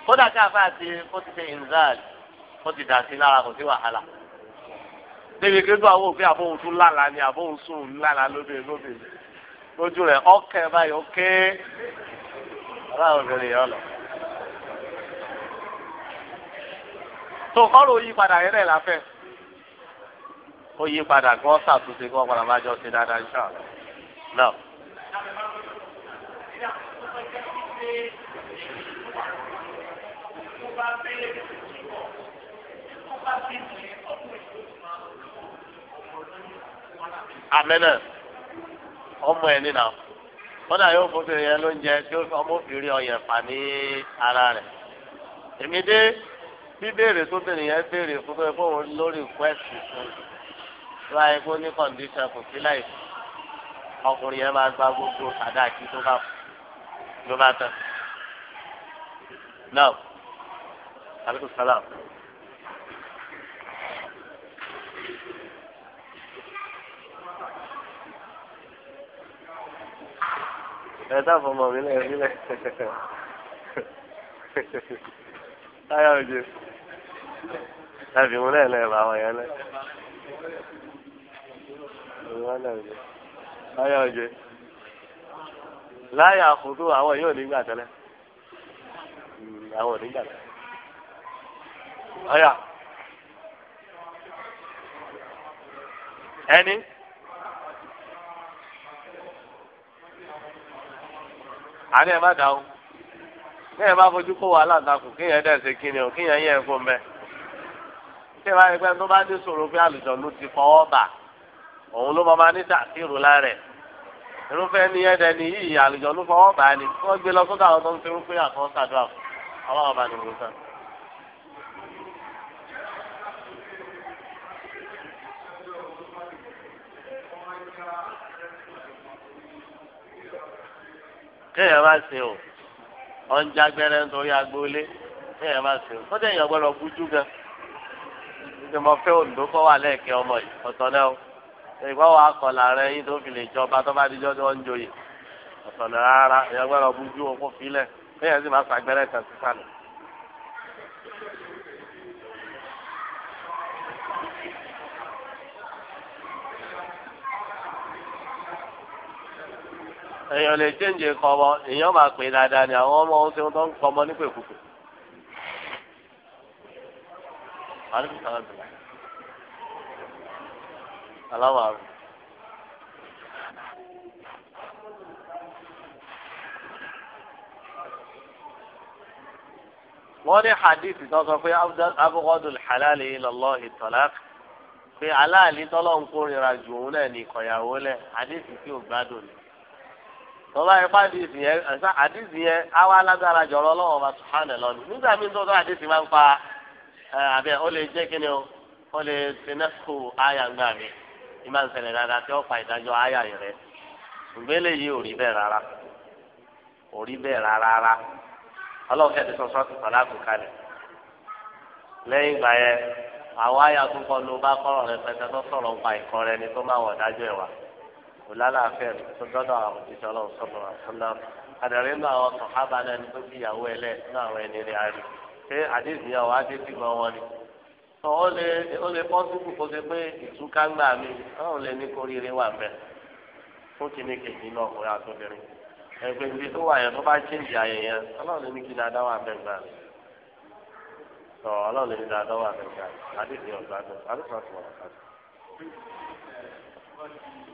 kódà káfá ti kó ti ṣe inzal kó ti dà sí lára kò sí wàhálà. débi kí n tó àwọn òfin àbóhùn tún lálàá ni àbóhùn sùn lálàá lóde lóde lójú rẹ̀ ọkẹ́ báyìí ọkẹ́ báwo obìnrin yẹn lọ. tó kọ́rọ̀ yí padà yẹn náà láfẹ́ ó yí padà kí wọ́n kí wọ́n padà máa jọ ṣe dáadáa ṣáà náà. Amẹ́nà ọmọ ẹ̀ nínà kódà yóò fòfin yẹn lóúnjẹ tí ọmọ òfin rí ọyẹ fà ní ara rẹ̀ èmi dé bíbéèrè tó bèrè yẹn béèrè fún pé fóun lórí kwẹ́sì fún láyé kó ní kọ̀ǹdíṣàn kò sí láì ọkùnrin yẹn máa gba gbogbo sàdáàkì tó bá ló bá tán. náà aleykum salaam. ẹ dáàbò mi lẹ́yìn nílẹ̀ táyà òjò tàbí lẹ́yìn lẹ́yìn bàwọn yẹn lẹ́ táyà òjò láyà àkùtù àwọn yóò nígbà tẹ́lẹ̀ àwọn ò nígbà tẹ́lẹ̀ ọ̀yà ẹni. àní ẹ má dà o kéèyàn bá fojú kó wàhálà takùn kéèyàn dẹ̀ ṣe kíni o kéèyàn yẹ ẹ̀kọ́ mbẹ́ kéèyàn bá yẹ pé tó bá dé sòrò pé àlùjọ̀nù ti fọwọ́ bà òun ló máa ní tàṣírù lárẹ̀ irúfẹ́ yìí àlùjọ̀nù fọwọ́ bà wọ́n gbé lọ sọ́dọ̀ àwọn tó ń fi irúfẹ́ kéèyàn bá ṣe o ọ̀njà gbẹrẹ nítorí agboolé kéèyàn bá ṣe o kó déèyàn gbọ́dọ̀ bójú gan mo fẹ́ òǹdó kọ́ wà lẹ́ẹ̀kẹ́ ọmọ yìí ọ̀tọ̀ náà o ìgbà wà kọ́ làárẹ̀ yín tó fi lè jọba tó bá dijọ́ tí ń joyè èèyàn lè jẹ́ǹjẹ́ kọ́ ọmọ èèyàn máa pè dáadáa ni àwọn ọmọ ohun tí wọ́n tó ń kọ́ ọmọ nípa ìkùkù. wọ́n ní hadith tó sọ pé abúgọ́dùn halal ilọ̀lọ́ ìtọ́lák pé ń kórìíra jù òun náà ní ìkọ̀yàwó lẹ̀ hadith tí ò gbádùn ni. tọ́lá ẹ̀ bá àdìsí yẹn ẹ̀sà àdìsí yẹn àwa alágbára jọ̀rọ̀ ọlọ́wọ́ bá sùhánẹ̀ lọ́nu nígbà míì tó àdìsí máa ń le àbẹ̀ ó lè jẹ́ kíni o ó lè sinẹ́sùkù àyà ń gbà mí ìmọ̀ nsẹ̀lẹ̀ dáadáa tí ó pa ìdájọ́ àyà rẹ̀ ṣùgbọ́n eléyìí ò rí bẹ́ẹ̀ rárá ò rí bẹ́ẹ̀ rárá ọlọ́ọ̀kẹ́ ti kò lálàáfẹ́ tó dọ́dọ̀ àwọn òṣìṣẹ́ ọlọ́run sọ̀rọ̀ àṣọlá àdàrí ńlá àwọn sọ̀hábà náà ni tó fi ìyàwó ẹlẹ́ nínú àwọn ẹni rẹ̀ àrí pé àdéhùn ìyàwó á dé sí gan wọn ni. ó lè ó lè pọ́sibú kó ṣe pé ìtúká gbà mí ọ̀hún lè ní kó rere wà bẹ́ẹ̀ fún kíní kejì náà kò yà tó bẹ̀rẹ̀ ẹgbẹ́ ibi tó wà yẹn tó bá ṣe ìyá yẹn yẹn ọlọ́run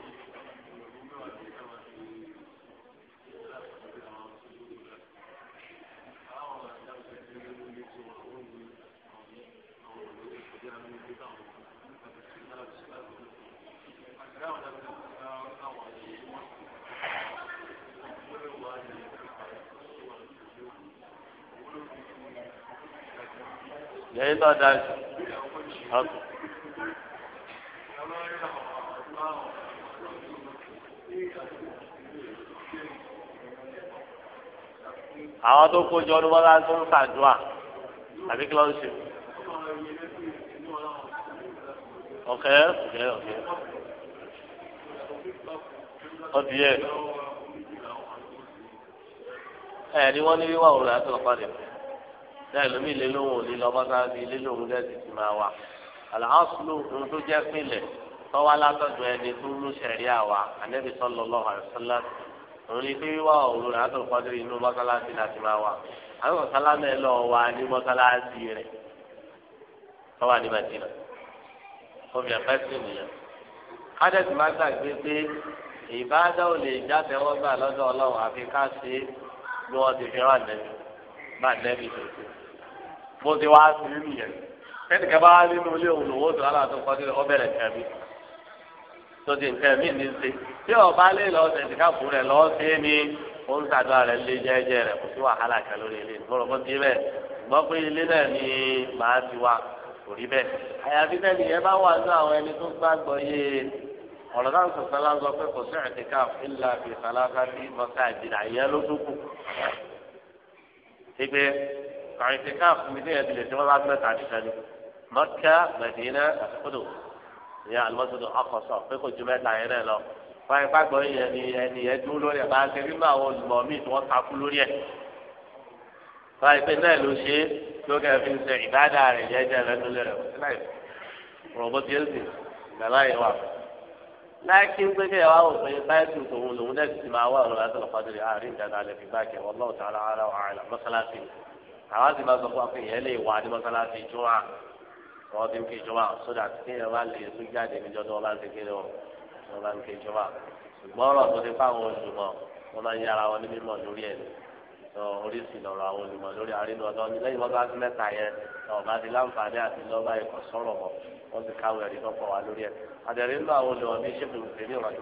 èyí tó da jù ọkọ. àwọn tó kójọ ọdún bọ́lá tó ń ṣàdúrà àbí kí ló ń ṣe. ọ̀kẹ́ ọ̀kẹ́ ọ̀kẹ́ ọdún yẹ ẹ̀ ni wọ́n ní wíwá òun àti ọ̀pá nìkan bẹ́ẹ̀ lómi lé lóhùn òní lọ́mọ sáfi lé lóhùn dẹ́sí ti máa wà àlàáfíà ohun tó jẹ́ pínlẹ̀ tọ́wá látọ̀dọ̀ ẹni tó ń sẹ̀rí àwa ànẹ́bí sọ́lọ́ lọ́wọ́ àrùsọ́lá òun ni pé wíwá òru rẹ̀ látọ̀ pàdé inú mọ́sálásí láti máa wà àwọn mọ́sálásí ẹ̀ lọ́ọ́ wá ní mọ́sálásí rẹ̀ tọ́wá ní màdínà omi ẹ̀fẹ́ nìyẹn. kádẹ́sì máa gbàgbé pé ìbáadá ò lè jáde wọ́n gbà lọ́dọ̀ ọlọ́run àfi ká ṣe é bí wọ́n ti fi hàn lẹ́yìn má nẹ́bi mo ti wá sí nínú yẹn kẹ́nìkan bá wá nínú ilé òun lòwó tó aláàtò kọ́ sílẹ̀ ọbẹ̀ rẹ̀ tẹ̀mí tó ti nǹkan mí ní ṣe tí ọba lé lọ́sẹ̀ tí ká fún rẹ̀ lọ́sẹ̀ ní òun ṣàdúrà rẹ̀ lé jẹ́jẹ́ rẹ̀ kò sí wàhálà kan lórí ilé ìgbọ́rọ̀ bọ́ sí bẹ́ẹ̀ gbọ́ pé ilé náà ni màá ti wá kò rí bẹ́ẹ̀ àyàfi bẹ́ẹ̀ nìyẹn bá wà ní àwọn ẹni tó gbàgbọ́ yé e. ọ̀rọ̀ náà sọ̀tàn lásán pé kò sí ẹ̀ẹ́dẹ́ká ìlà ìfàlásá bí mọ́tà ìdìrà ìyẹn ló dúkù ṣègbè àrìntì káàfù mi níyẹn ti lè ṣe wọn bá gbé tàbí sani mọ́kà mẹ̀dínà àkúdù ìyá àlùmọ́sọ̀dọ̀ akọ̀sọ̀ pé kò ju mẹ́ta yẹn náà lọ wọ́n yẹn gbàgbọ́ yẹn ni ẹni yẹn dúró lórí ẹ̀ bá ṣe bí máa wọ lùmọ̀ míì tí wọ́n takú lórí ẹ̀ wọ́n yẹn pé náà ló ṣe lókè fi ṣe ìdáadáa rẹ̀ yẹn jẹ́ rẹ̀ lólè rẹ̀ láìkí ń gbẹ́kẹ̀ wá wò pé báyìí tòun lòun náà ti máa wá ọ̀rọ̀ láti lọ́kọ́ dèrè àárín ìdáná alẹ́ fi bá kẹ̀ wọ́n lọ́wọ́ tààrà ara wà á mọ́sálásí àwọn àti máa sọ fún akẹ́yìn ẹ̀ lè wà ní mọ́sálásí ìjọba wọ́n ti ń kí ìjọba sódà kí ẹ̀ bá lè tún jáde níjọ́ tó wọ́n bá ń ti kéré wọn wọ́n bá ń kí ìjọba ṣùgbọ́n ọ̀rọ̀ tó ti fáwọn olùmọ̀ wọ́n máa ń yára wọn ní mímọ̀ lórí ẹ̀ oríṣi lọ́rọ̀ àwọn olùmọ̀ lórí àrínú ọ̀dọ́ ní lẹ́yìn wọ́n bá ti mẹ́ta yẹn ọ̀bá ti láǹfààní àti lọ́ba ẹ̀kọ́ sọ̀rọ̀ wọn wọ́n ti káwé ẹ̀rí tó pọ̀ wá lórí ẹ̀ àdàrí ńlọ àwọn olùwọ̀ ní sẹ́kùn ìfèlè ọ̀rọ̀ àti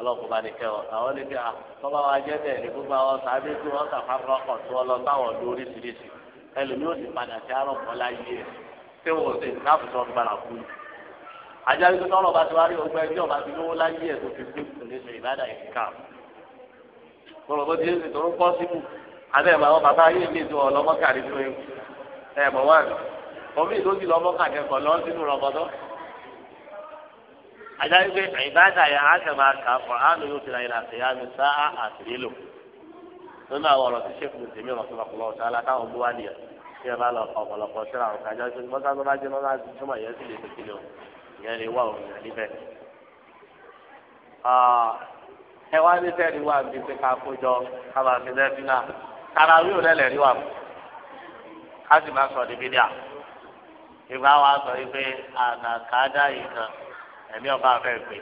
ọlọ́kùnrin ni kẹwọ́ àwọn ní kí a tọ́ba wa jẹ́ bẹ́ẹ̀ ní gbogbo àwọn sábẹ́ tí wọ́n kà fáfọ́ ọkọ̀ tí wọ́n lọ táwọn ọdún oríṣiríṣi ẹlòmí ò sì padà sí àrọ̀pọ̀ láyé ẹ̀ tí wọ́n sì ní àfùsọ̀ gbàrà kú. ajá wípé tọ́lọ̀ bá ti wá rí ọgbà ẹgbẹ́ ọba ti lówó láyé ẹ̀ tó fi kú ẹ̀ tó ọlọ́mọ kàrí fún ẹ adáyé pé ìbáàdà yẹn á kẹ́ máa kà á fọ á lóyún ti ra ìlà àti ìyá mi sá á nínú àwọn ọ̀rọ̀ tí sèkú tèmi rọ̀ fún ọkùnrin ọ̀sán alátáwọn bó wá nìyẹn tí ẹ bá lọ ọ̀pọ̀lọpọ̀ àwọn mọ́tà tó bá jẹ́ tó yẹn sì lè ìyẹn lè òun yẹn níbẹ̀. ẹ wá ní wà bí pé ká ká máa fi náà ẹ̀mí ọba fẹ́ pè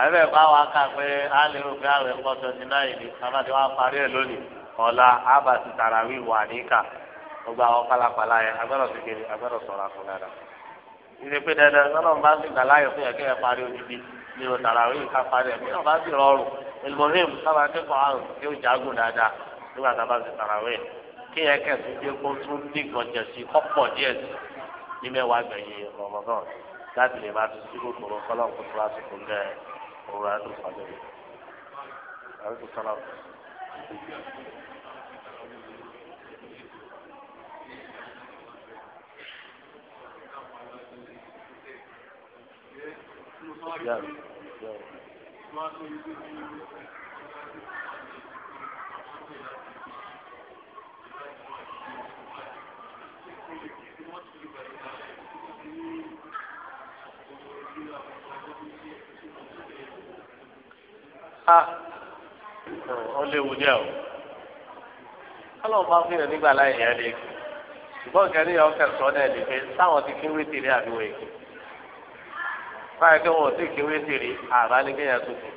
àbẹ̀bẹ̀ bá wa kà pé a lè rò pé àwẹ̀ ńkọ́ twenty nine ni kàmá ti wá parí ẹ̀ lónìí ọ̀la ábà ti tàràwí wà níkà gbogbo àwọn pálapàla yẹn agbọ́dọ̀ ti kiri agbọ́dọ̀ sọ̀rọ̀ àfọ̀ dáadáa ìdè pé dandan lọ́nà bá ń gbà láyọ̀ fún yẹn kí ẹ parí odidi ní o tàràwí ká parí ẹ̀mí ọba ti rọrùn ìlmọ̀hìm sábà kẹ́kọ̀ọ́ àrùn tí ó jágùn dáadáa nígbà tá a bá ti tàràwí kí yẹn kẹ̀sí dé kó tún dìgbọ̀jẹ̀ sí kọ́pọ̀ díẹ̀ sí ní mẹ́wàá gbẹ̀yìn rọmọdọ́ọ̀nù láti lè máa tún síbò kòrò kọ́lọ́ kó tó láti kó lẹ́ òru àdùn kọ́lé àdùn kọ́lọ́. Yeah. yeah. a ọ léwu díẹ̀ o ọlọ́run máa ń fi hàn nígbà láyé yẹn lé ṣùgbọ́n nǹkan níyàwó kẹsàn-án náà lè fẹ́ sáwọn ti kí wétìrí àdúgbò yìí báyìí kí wọn ò tí kí wétìrí àbá ní kéèyàn tó kù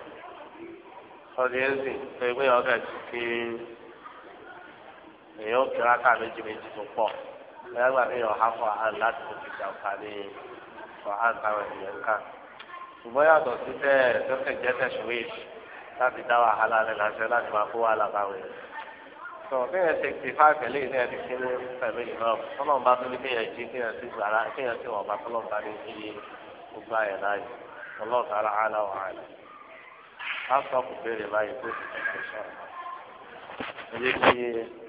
ọdún yẹn sì pé ti èèyàn kíra ká méjì méjì tó pọ̀ bẹ́ẹ̀ gbà kéèyàn fọ láti tó fi ní táwọn ènìyàn láti dá wàhálà rẹ̀ láṣẹ láti máa kó wàhálà báwọn yẹn. sọ kéèyàn ṣe ti fáà pẹ̀lú ìní ẹni kéré pẹ̀lú ìmọ̀ ọlọ́run bá tún ní kéèyàn jí kéèyàn sí gbàrà kéèyàn sí wọ̀n bá tọ́lọ́run bá ní iye gbogbo àyè láàyè ọlọ́run tààrà àlà wàhálà. á sọ kò béèrè láyé tó ti ṣe sọ̀rọ̀.